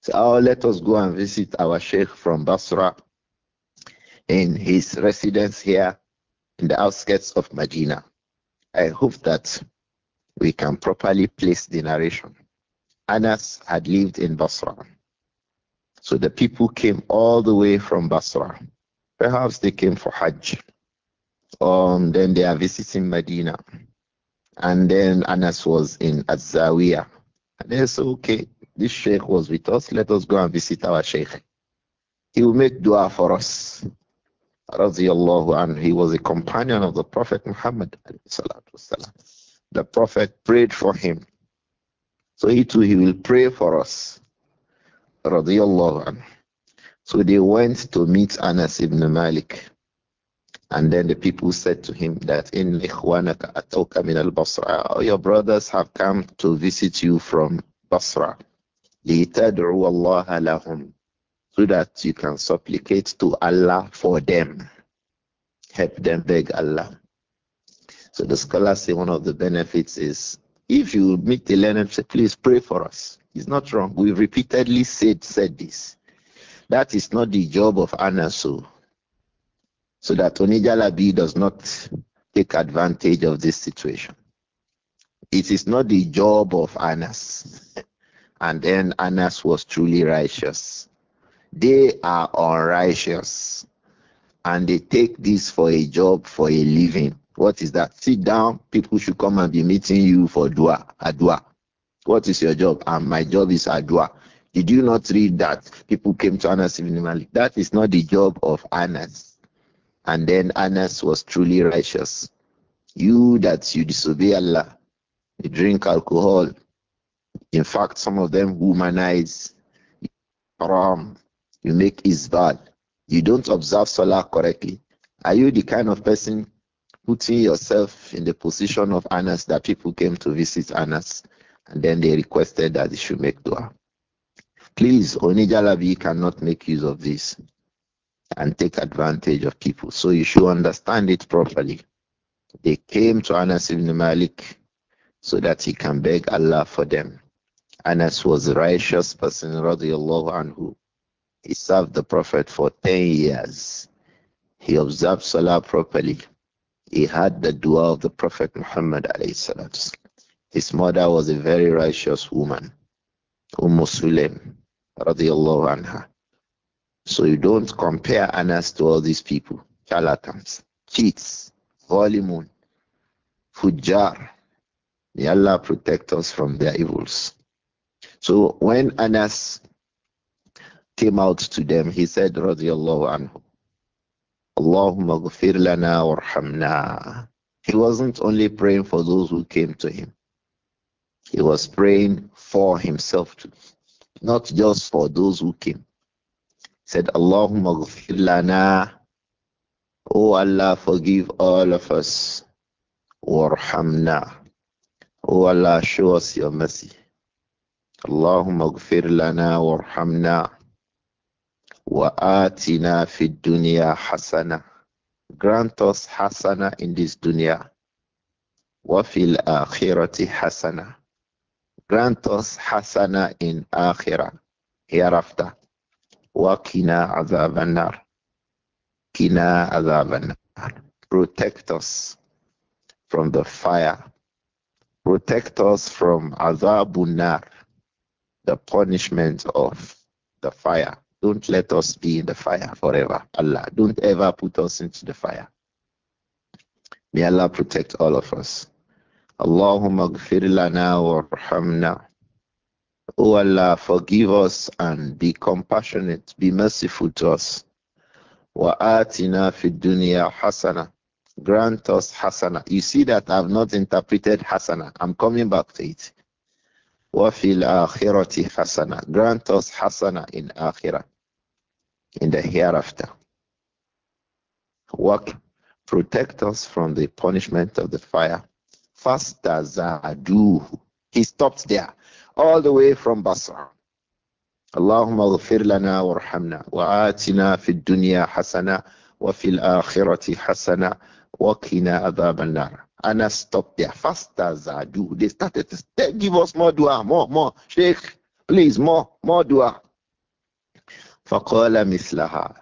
So oh, let us go and visit our Sheikh from Basra in his residence here in the outskirts of Medina. I hope that we can properly place the narration. Anas had lived in Basra. So the people came all the way from Basra. Perhaps they came for Hajj. Um, then they are visiting Medina. And then Anas was in Azawiyah. And they said, okay, this sheikh was with us. Let us go and visit our sheikh. He will make dua for us. Radiallahu He was a companion of the Prophet Muhammad. The Prophet prayed for him. So he too, he will pray for us. Radiallahu anhu. So they went to meet Anas ibn Malik. And then the people said to him that in ikhwanaka atawka min al-Basra, oh, your brothers have come to visit you from Basra. لِتَدْعُوا اللَّهَ لَهُمْ So that you can supplicate to Allah for them. Help them beg Allah. So the scholars say one of the benefits is if you meet the learner, please pray for us. It's not wrong. We repeatedly said said this. That is not the job of Anasu. So that Onijalabi does not take advantage of this situation. It is not the job of Anas. (laughs) and then Anas was truly righteous. They are unrighteous and they take this for a job, for a living. What is that? Sit down. People should come and be meeting you for dua, adua. What is your job? And my job is adua. Did you not read that? People came to Anas ibn Malik. That is not the job of Anas. And then Anas was truly righteous. You that you disobey Allah, you drink alcohol. In fact, some of them womanize, haram, you make isbal. You don't observe salah correctly. Are you the kind of person putting yourself in the position of Anas that people came to visit Anas and then they requested that they should make dua. Please, Onijalabi cannot make use of this and take advantage of people. So you should understand it properly. They came to Anas ibn Malik so that he can beg Allah for them. Anas was a righteous person, radiallahu anhu. He served the Prophet for 10 years. He observed Salah properly. He had the dua of the Prophet Muhammad alayhi His mother was a very righteous woman, Umm Sulaim radiallahu anha. So you don't compare Anas to all these people, charlatans, cheats, volumun, fujar. May Allah protect us from their evils. So when Anas came out to them, he said, radiallahu anhu, Allahumma ghafir lana warhamna. He wasn't only praying for those who came to him. He was praying for himself too, not just for those who came. He said, Allahumma ghafir lana. Oh Allah, forgive all of us. Warhamna. Oh Allah, show us your mercy. Allahumma ghafir lana warhamna. وَآتِنَا فِي الدُّنْيَا حَسَنَةً Grant us hasana in this dunya. وَفِي الْآخِرَةِ حَسَنَةً Grant us hasana in akhirah, hereafter. وَقِنَا عَذَابَ النَّارِ قِنَا عَذَابَ النَّارِ Protect us from the fire. Protect us from azabun nar, the punishment of the fire. Don't let us be in the fire forever. Allah, don't ever put us into the fire. May Allah protect all of us. Allahumma gfir lana warhamna. O Allah, forgive us and be compassionate, be merciful to us. Wa atina fid dunya hasana. Grant us hasana. You see that I've not interpreted hasana. I'm coming back to it. Wa fil akhirati hasana. Grant us hasana in akhirah in the hereafter. Work, protect us from the punishment of the fire. Fast as do, He stopped there, all the way from Basra. اللهم اغفر لنا وارحمنا وآتنا في الدنيا حسنة وفي الآخرة حسنة وقنا عذاب النار Anna stopped there. Fast as I do. They started to give us more dua, more, more. Sheikh, please, more, more dua. فَقَالَ مِثْلَهَا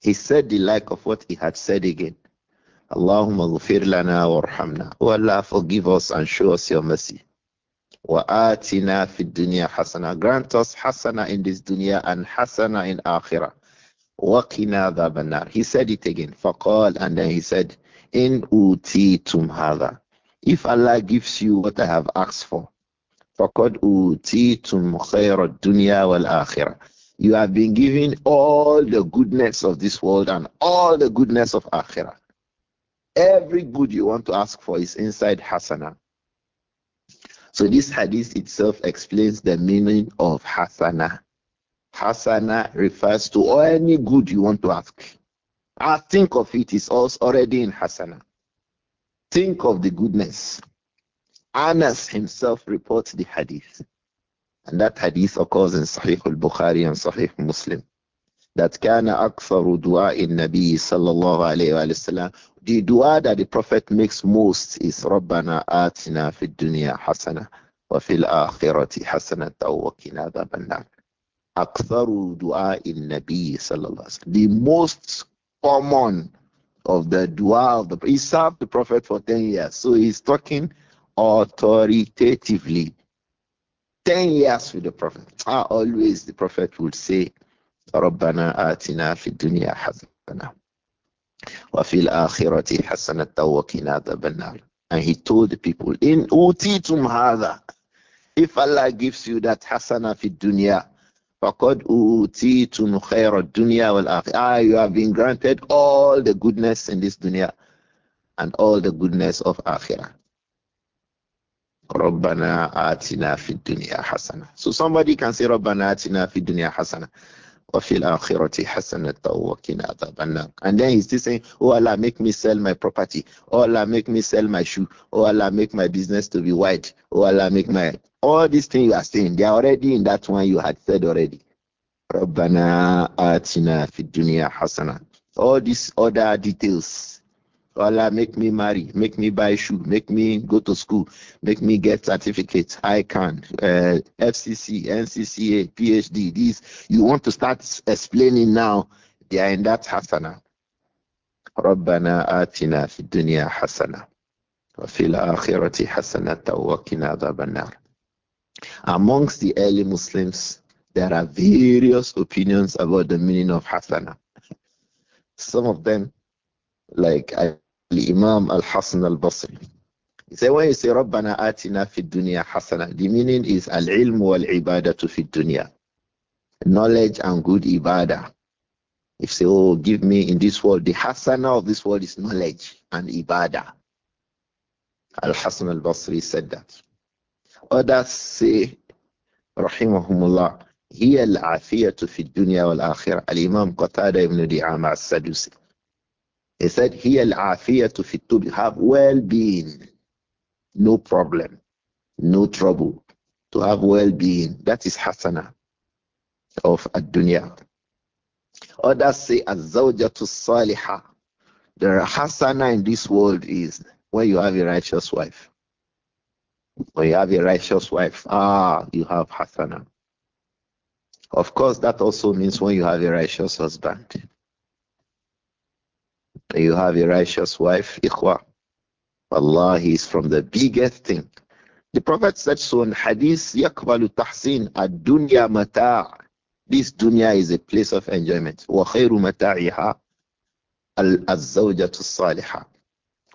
He said the like of what he had said again. Allahumma ghafir lana warhamna. Oh Allah, forgive us and show us your mercy. Wa atina fid dunya hasana. Grant us hasana in this dunya and hasana in akhirah. Wa Waqina dhabanar. He said it again. Faqal and then he said, In utitum If Allah gives you what I have asked for, faqad tum khayra dunya wal akhirah. You have been given all the goodness of this world and all the goodness of Akhirah. Every good you want to ask for is inside Hasana. So this hadith itself explains the meaning of Hasana. Hasana refers to any good you want to ask. I ah, think of it is also already in Hasana. Think of the goodness. Anas himself reports the hadith and that hadith occurs in Sahih al-Bukhari and Sahih Muslim. That kana akfaru dua in Nabi sallallahu alayhi wa sallam. The dua that the Prophet makes most is Rabana atina fid dunya hasana wa fil akhirati hasanata wa qina adhaban Akfaru dua in Nabi sallallahu alayhi wa sallam. The most common of the dua of the he served the prophet for 10 years so he's talking authoritatively 10 years with the Prophet. always the Prophet would say, atina آتنا fidunia الدنيا wa fil akhirati حسنة وقنا and he told the people in utitum hadha if Allah gives you that hasana fi dunya faqad utitum khayra dunya wal akhirah ah, you have been granted all the goodness in this dunya and all the goodness of akhirah Rabbana atina fid dunya hasana. So somebody can say Rabbana atina fid dunya hasana. And then he's still saying, Oh Allah, make me sell my property. Oh Allah, make me sell my shoe. Oh Allah, make my business to be wide. Oh Allah, make my. All these things you are saying, they are already in that one you had said already. Rabbana atina fid dunya hasana. All these other details Allah, make me marry, make me buy shoe, make me go to school, make me get certificates. I can. Uh, FCC, NCCA, PhD. These you want to start explaining now. They are in that hasana. ربنا آتنا في الدنيا حسنة وفي الآخرة حسنة وقنا عذاب النار. Amongst the early Muslims, there are various opinions about the meaning of hasana. Some of them like I Imam Al Hassan Al Basri. He said, when you say Rabbana atina fid dunya the meaning is al ilm wal ibadatu Knowledge and good ibadah. If say, oh, give me in this world, the hasana of this world is knowledge and ibadah. Al Hassan Al Basri said that. Others say, rahimahumullah, هي العافية في الدنيا والآخرة الإمام قتادة بن دعامة السدوسي he said, "He al to fit to have well-being, no problem, no trouble, to have well-being. That is hasana of ad-dunya. Others say az to salihah. The hasana in this world is when you have a righteous wife. When you have a righteous wife, ah, you have hasana. Of course, that also means when you have a righteous husband you have a righteous wife, ikhwa. Allah is from the biggest thing. The Prophet said so in Hadith, يَقْبَلُ Tahsin الدُّنْيَا مَتَاعٌ This dunya is a place of enjoyment. وَخَيْرُ مَتَاعِهَا Al الصالحة.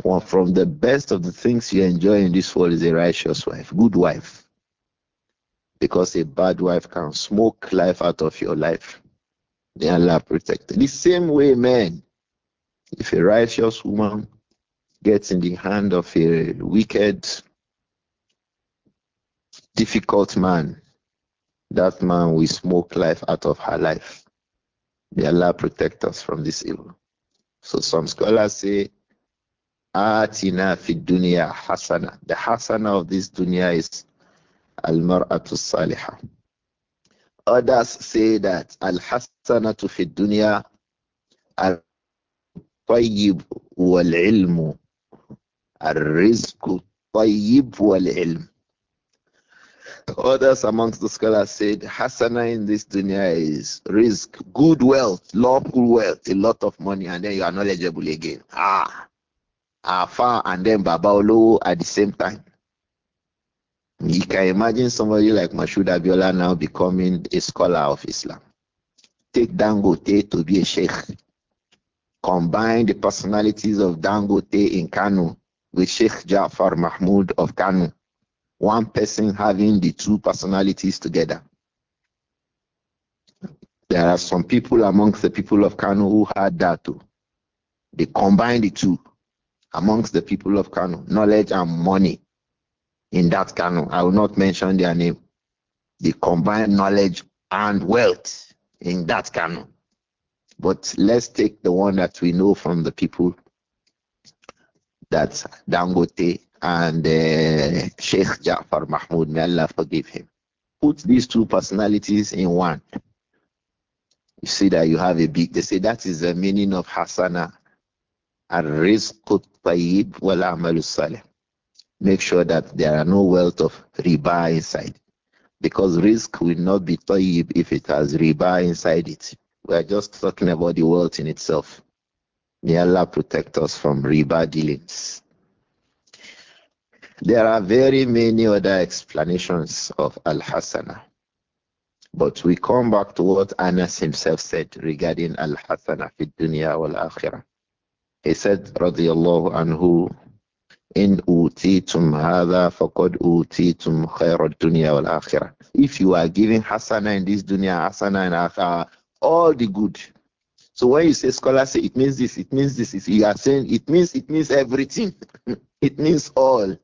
One from the best of the things you enjoy in this world is a righteous wife, good wife. Because a bad wife can smoke life out of your life. May Allah protect. The same way, men, if a righteous woman gets in the hand of a wicked, difficult man, that man will smoke life out of her life. May Allah protect us from this evil. So some scholars say, Atina fi dunya hasana. The hasana of this dunya is al-mar'atu salihah. Others say that al to fi dunya al طيب والعلم الرزق طيب والعلم Others amongst the scholars said Hasana in this dunya is risk, good wealth, lawful wealth, a lot of money, and then you are knowledgeable again. Ah, Afa and then Babaolo at the same time. You can imagine somebody like Mashud Abiola now becoming a scholar of Islam. Take Dangote to be a sheikh combine the personalities of Dangote in Kanu with Sheikh Jafar Mahmoud of Kanu. One person having the two personalities together. There are some people amongst the people of Kanu who had that too. They combined the two amongst the people of Kanu, knowledge and money in that Kanu. I will not mention their name. They combined knowledge and wealth in that Kanu but let's take the one that we know from the people that's Dangote and uh, Sheikh Ja'far Mahmoud. May Allah forgive him. Put these two personalities in one. You see that you have a big, they say that is the meaning of Hasana. And rizqu tayyib wal amalu Make sure that there are no wealth of riba inside. Because risk will not be tayyib if it has riba inside it. We are just talking about the world in itself. May Allah protect us from riba dealings. There are very many other explanations of Al Hasana. But we come back to what Anas himself said regarding Al Hasana fi dunya wal akhirah. He said, radiyallahu anhu, in utitum hadha faqad utitum khayra dunya wal akhirah. If you are giving hasana in this dunya, hasana in akhirah, all the good. So when you say scholar say it means this, it means this, you are saying it means it means everything. (laughs) it means all.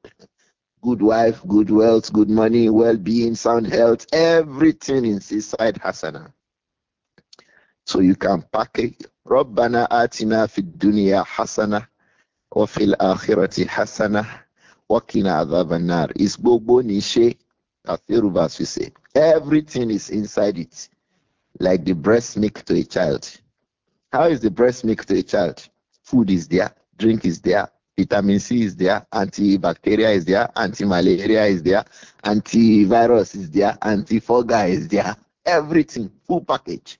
Good wife, good wealth, good money, well being, sound health, everything is inside Hasana. So you can package ربنا آتنا في الدنيا حسنة وفي الآخرة حسنة وقنا عذاب النار. It's gbogbo níṣe, as Yorubas we say. Everything is inside it like the breast milk to a child. How is the breast milk to a child? Food is there, drink is there, vitamin C is there, antibacteria is there, anti-malaria is there, antivirus is there, antifungal is there, everything, full package.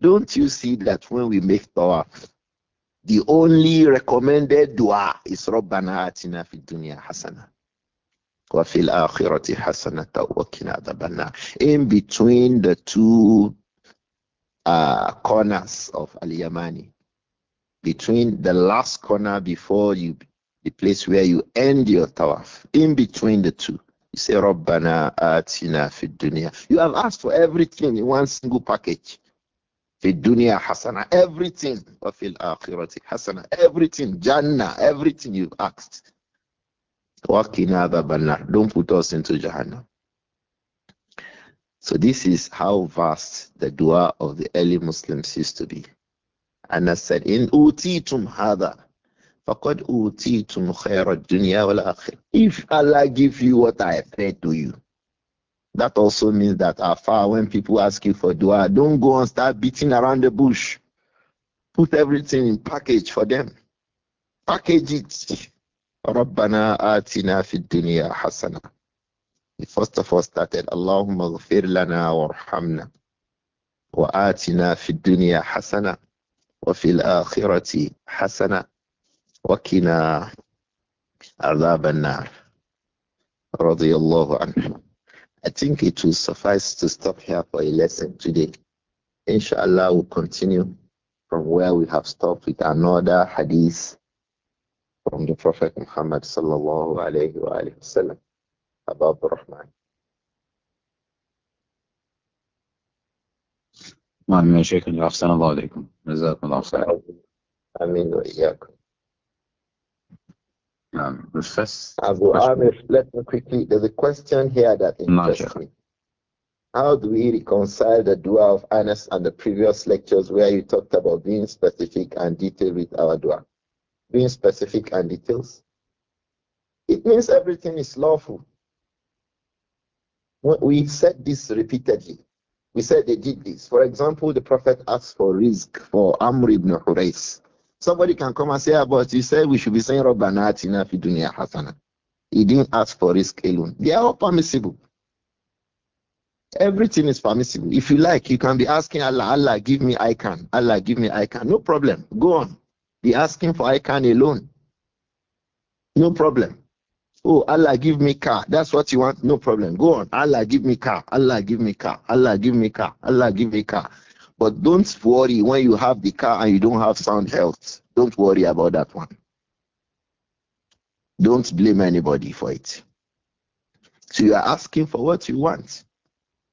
Don't you see that when we make dua, the only recommended dua is Rabbana atina fid dunya hasana wa fil akhirati hasana In between the two uh, corners of Aliyamani, Yamani. Between the last corner before you, the place where you end your tawaf, in between the two, you say, Rabbana atina fid dunya. You have asked for everything in one single package. Fid dunya hasana, everything. Wa fil akhirati hasana, everything. Jannah, everything you've asked. Waqina adhabannar. Don't put us into Jahannam. So this is how vast the dua of the early Muslims used to be. And I said, In utitum hada, faqad utitum dunya wal If Allah give you what I said to you, that also means that afar when people ask you for dua, don't go and start beating around the bush. Put everything in package for them. Package it. ربنا آتنا في الدنيا first of all started, Allahumma ghafir lana warhamna wa atina fid dunya hasana wa fil akhirati hasana wa qina adhab an-nar. Radiyallahu anhu. I think it will suffice to stop here for a lesson today. Inshallah, we'll continue from where we have stopped with another hadith from the Prophet Muhammad sallallahu alayhi wa sallam. Abu Abdurrahman. معلم يا شيخنا أحسن الله عليكم جزاكم الله um, the first Abu Amir, let me quickly. There's a question here that interests me. How do we reconcile the dua of Anas and the previous lectures where you talked about being specific and detailed with our dua? Being specific and details. It means everything is lawful. We said this repeatedly. We said they did this. For example, the Prophet asked for risk for Amr ibn Hurais. Somebody can come and say, ah, but you said we should be saying Rabbana atina fi dunya hasana. He didn't ask for risk alone. They are all permissible. Everything is permissible. If you like, you can be asking Allah, Allah, give me icon. Allah, give me icon. No problem. Go on. Be asking for icon alone. No problem. Oh, Allah, give me car. That's what you want. No problem. Go on. Allah, give me car. Allah, give me car. Allah, give me car. Allah, give me car. But don't worry when you have the car and you don't have sound health. Don't worry about that one. Don't blame anybody for it. So you are asking for what you want.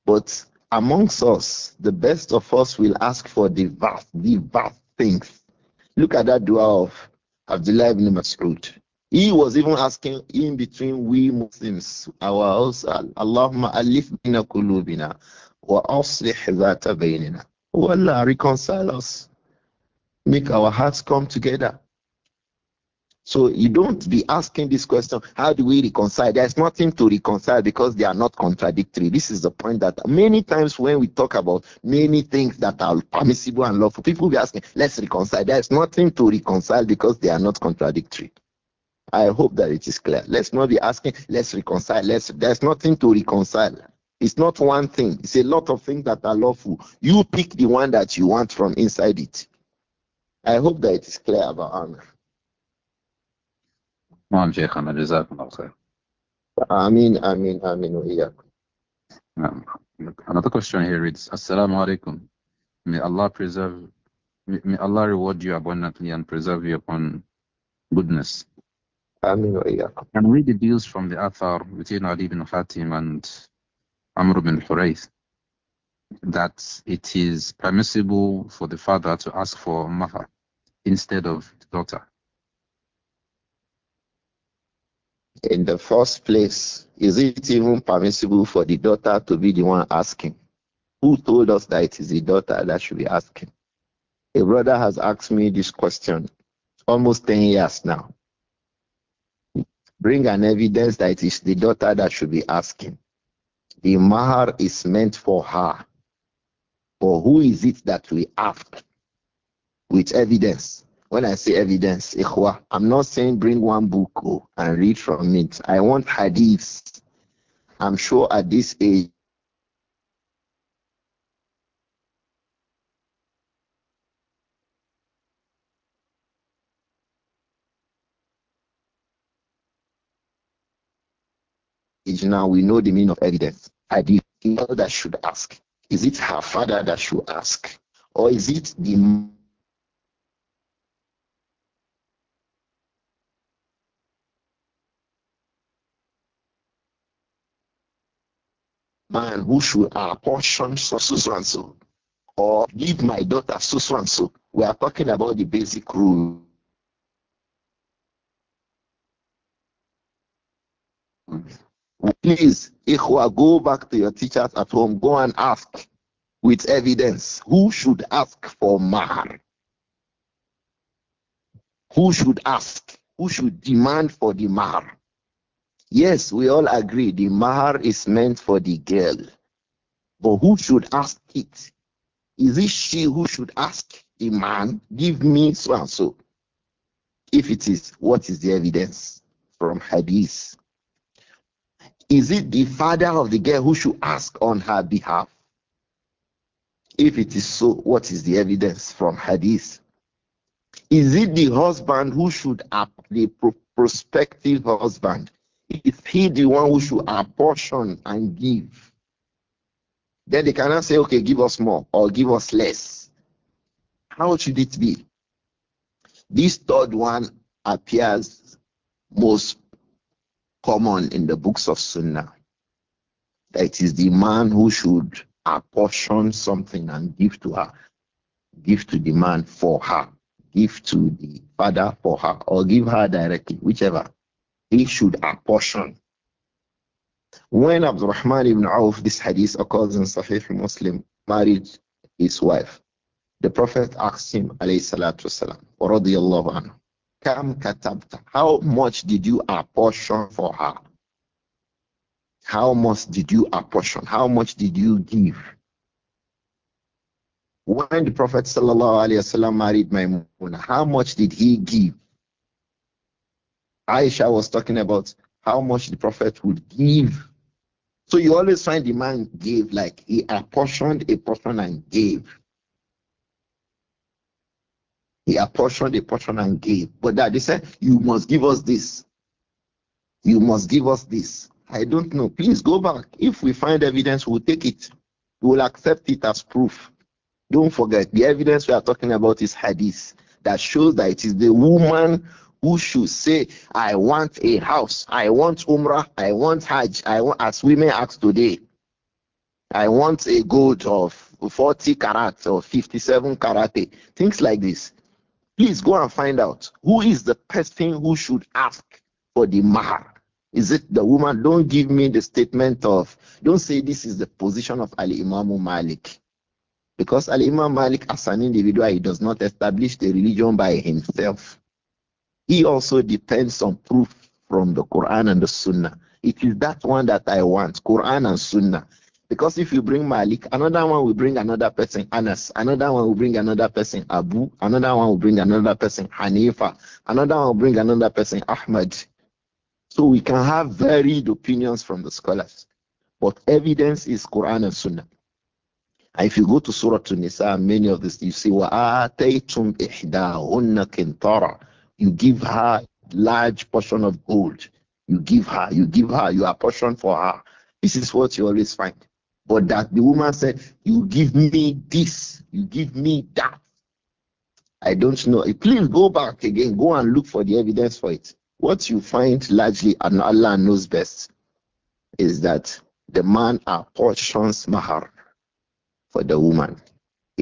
But amongst us, the best of us will ask for the vast, the vast things. Look at that dua of Abdullah ibn Mas'ud. He was even asking in between we Muslims, our Allahumma alif bina kulubina wa aslih zata bainina. Oh Allah, reconcile us. Make our hearts come together. So you don't be asking this question, how do we reconcile? There's nothing to reconcile because they are not contradictory. This is the point that many times when we talk about many things that are permissible and lawful, people will be asking, let's reconcile. There's nothing to reconcile because they are not contradictory. I hope that it is clear. Let's not be asking, let's reconcile. Let's, there's nothing to reconcile. It's not one thing, it's a lot of things that are lawful. You pick the one that you want from inside it. I hope that it is clear about honor. نعم شيخنا جزاكم الله خير. آمين Another question here reads Assalamu alaikum. May Allah preserve, may Allah reward you abundantly and preserve you upon goodness. And we deduce from the Athar between Ali bin Khatim and Amr bin Hurayth that it is permissible for the father to ask for mother instead of the daughter. In the first place, is it even permissible for the daughter to be the one asking? Who told us that it is the daughter that should be asking? A brother has asked me this question almost 10 years now. Bring an evidence that it is the daughter that should be asking. The mahar is meant for her. For who is it that we ask? With evidence. When I say evidence, I'm not saying bring one book oh, and read from it. I want hadiths. I'm sure at this age, age now, we know the meaning of evidence. I, the people that should ask? Is it her father that should ask? Or is it the man who should apportion so, so, so and so, or give my daughter so, so and so. We are talking about the basic rule Please, Ikhwa, go back to your teachers at home. Go and ask with evidence. Who should ask for mahar? Who should ask? Who should demand for the mahar? Yes, we all agree the mahar is meant for the girl. But who should ask it? Is it she who should ask the man, give me so and so? If it is, what is the evidence from hadith? Is it the father of the girl who should ask on her behalf? If it is so, what is the evidence from Hadith? Is it the husband who should, the prospective husband, is he the one who should apportion and give? Then they cannot say, okay, give us more or give us less. How should it be? This third one appears most common in the books of Sunnah that it is the man who should apportion something and give to her, give to the man for her, give to the father for her, or give her directly, whichever. He should apportion. When Abdurrahman ibn Auf, this hadith occurs in Sahih Muslim, married his wife, the Prophet asked him, alayhi salatu wasalam, Kam katabta. How much did you apportion for her? How much did you apportion? How much did you give? When the Prophet ﷺ married Maimuna, how much did he give? Aisha was talking about how much the Prophet would give. So you always find the man gave, like he apportioned a portion and gave. He apportioned a portion and gave. But that they said, You must give us this. You must give us this. I don't know. Please go back. If we find evidence, we'll take it. We will accept it as proof. Don't forget, the evidence we are talking about is hadith that shows that it is the woman who should say, I want a house, I want Umrah, I want Hajj, I want, as women ask today, I want a gold of 40 karat or 57 karate, things like this. Please go and find out who is the person who should ask for the mahar. Is it the woman? Don't give me the statement of, don't say this is the position of Ali Imam Malik. Because Ali Imam Malik, as an individual, he does not establish the religion by himself. He also depends on proof from the Quran and the Sunnah. It is that one that I want, Quran and Sunnah. Because if you bring Malik, another one will bring another person, Anas. Another one will bring another person, Abu. Another one will bring another person, Hanifa. Another one will bring another person, Ahmad. So we can have varied opinions from the scholars. But evidence is Quran and Sunnah. And if you go to Surah Tunisa, many of this, you see, وَآتَيْتُمْ إِحْدَاهُنَّ كِنْتَارًا You give her large portion of gold. You give her, you give her, you are portion for her. This is what you always find. But that the woman said, You give me this, you give me that. I don't know. Please go back again, go and look for the evidence for it. What you find largely, and Allah knows best, is that the man apportions mahar for the woman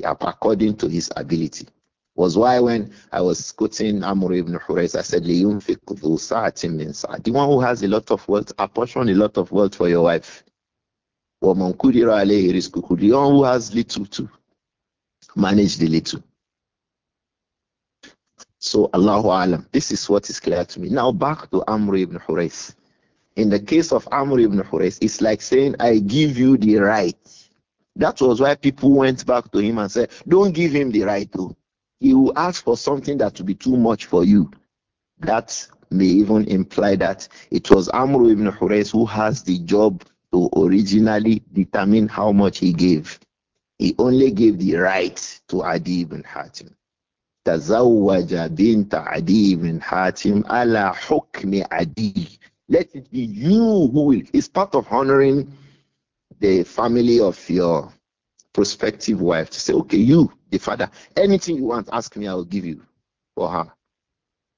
according to his ability. Was why when I was quoting Amr ibn Hurais, I said, min The one who has a lot of wealth, apportion a lot of wealth for your wife. وَمَنْ قُدِرَ The one who has little to manage the little. So Allahu Alam. This is what is clear to me. Now back to Amr ibn Hurais. In the case of Amr ibn Hurais, it's like saying, I give you the right. That was why people went back to him and said, Don't give him the right to. He will ask for something that will be too much for you. That may even imply that it was Amr ibn Hurais who has the job to originally determine how much he gave. He only gave the right to Adi ibn Hatim. تزوج بنت عدي بن حاتم على حكم عدي let it be you who will it's part of honoring the family of your prospective wife to say okay you the father anything you want ask me i will give you for her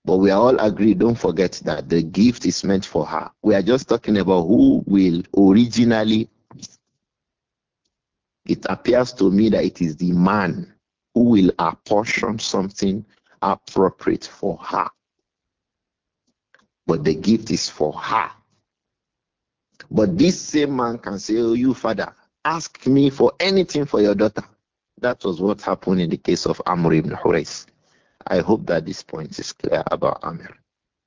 but we are all agreed, don't forget that the gift is meant for her. We are just talking about who will originally. It appears to me that it is the man who will apportion something appropriate for her. But the gift is for her. But this same man can say, Oh, you father, ask me for anything for your daughter. That was what happened in the case of Amr ibn I hope that this point is clear about Amir.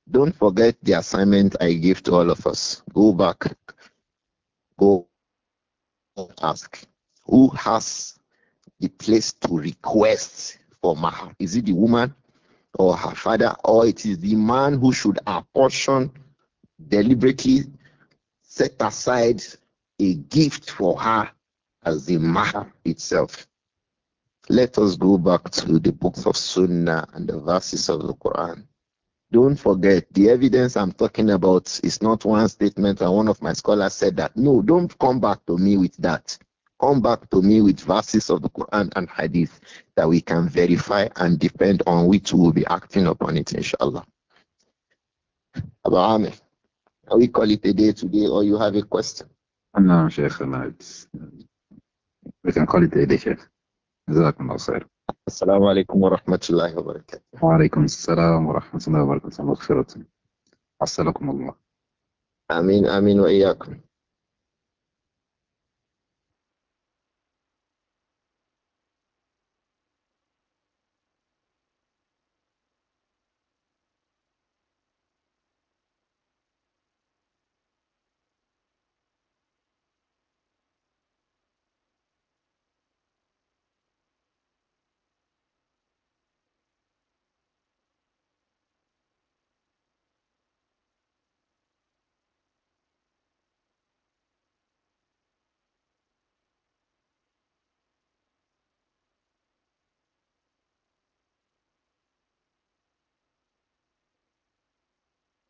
Don't forget the assignment I give to all of us. Go back. Go ask who has the place to request for mahar. Is it the woman or her father, or it is the man who should apportion deliberately set aside a gift for her as the mahar itself. Let us go back to the books of Sunnah and the verses of the Quran. Don't forget, the evidence I'm talking about is not one statement and one of my scholars said that. No, don't come back to me with that. Come back to me with verses of the Quran and Hadith that we can verify and depend on which we'll be acting upon it, inshallah. Abraham, can we call it a day today or you have a question? No, Sheikh, no, we can call it a day, Sheikh. جزاكم الله خير السلام عليكم ورحمة الله وبركاته وعليكم السلام ورحمة الله وبركاته مغفرة عسلكم الله آمين آمين وإياكم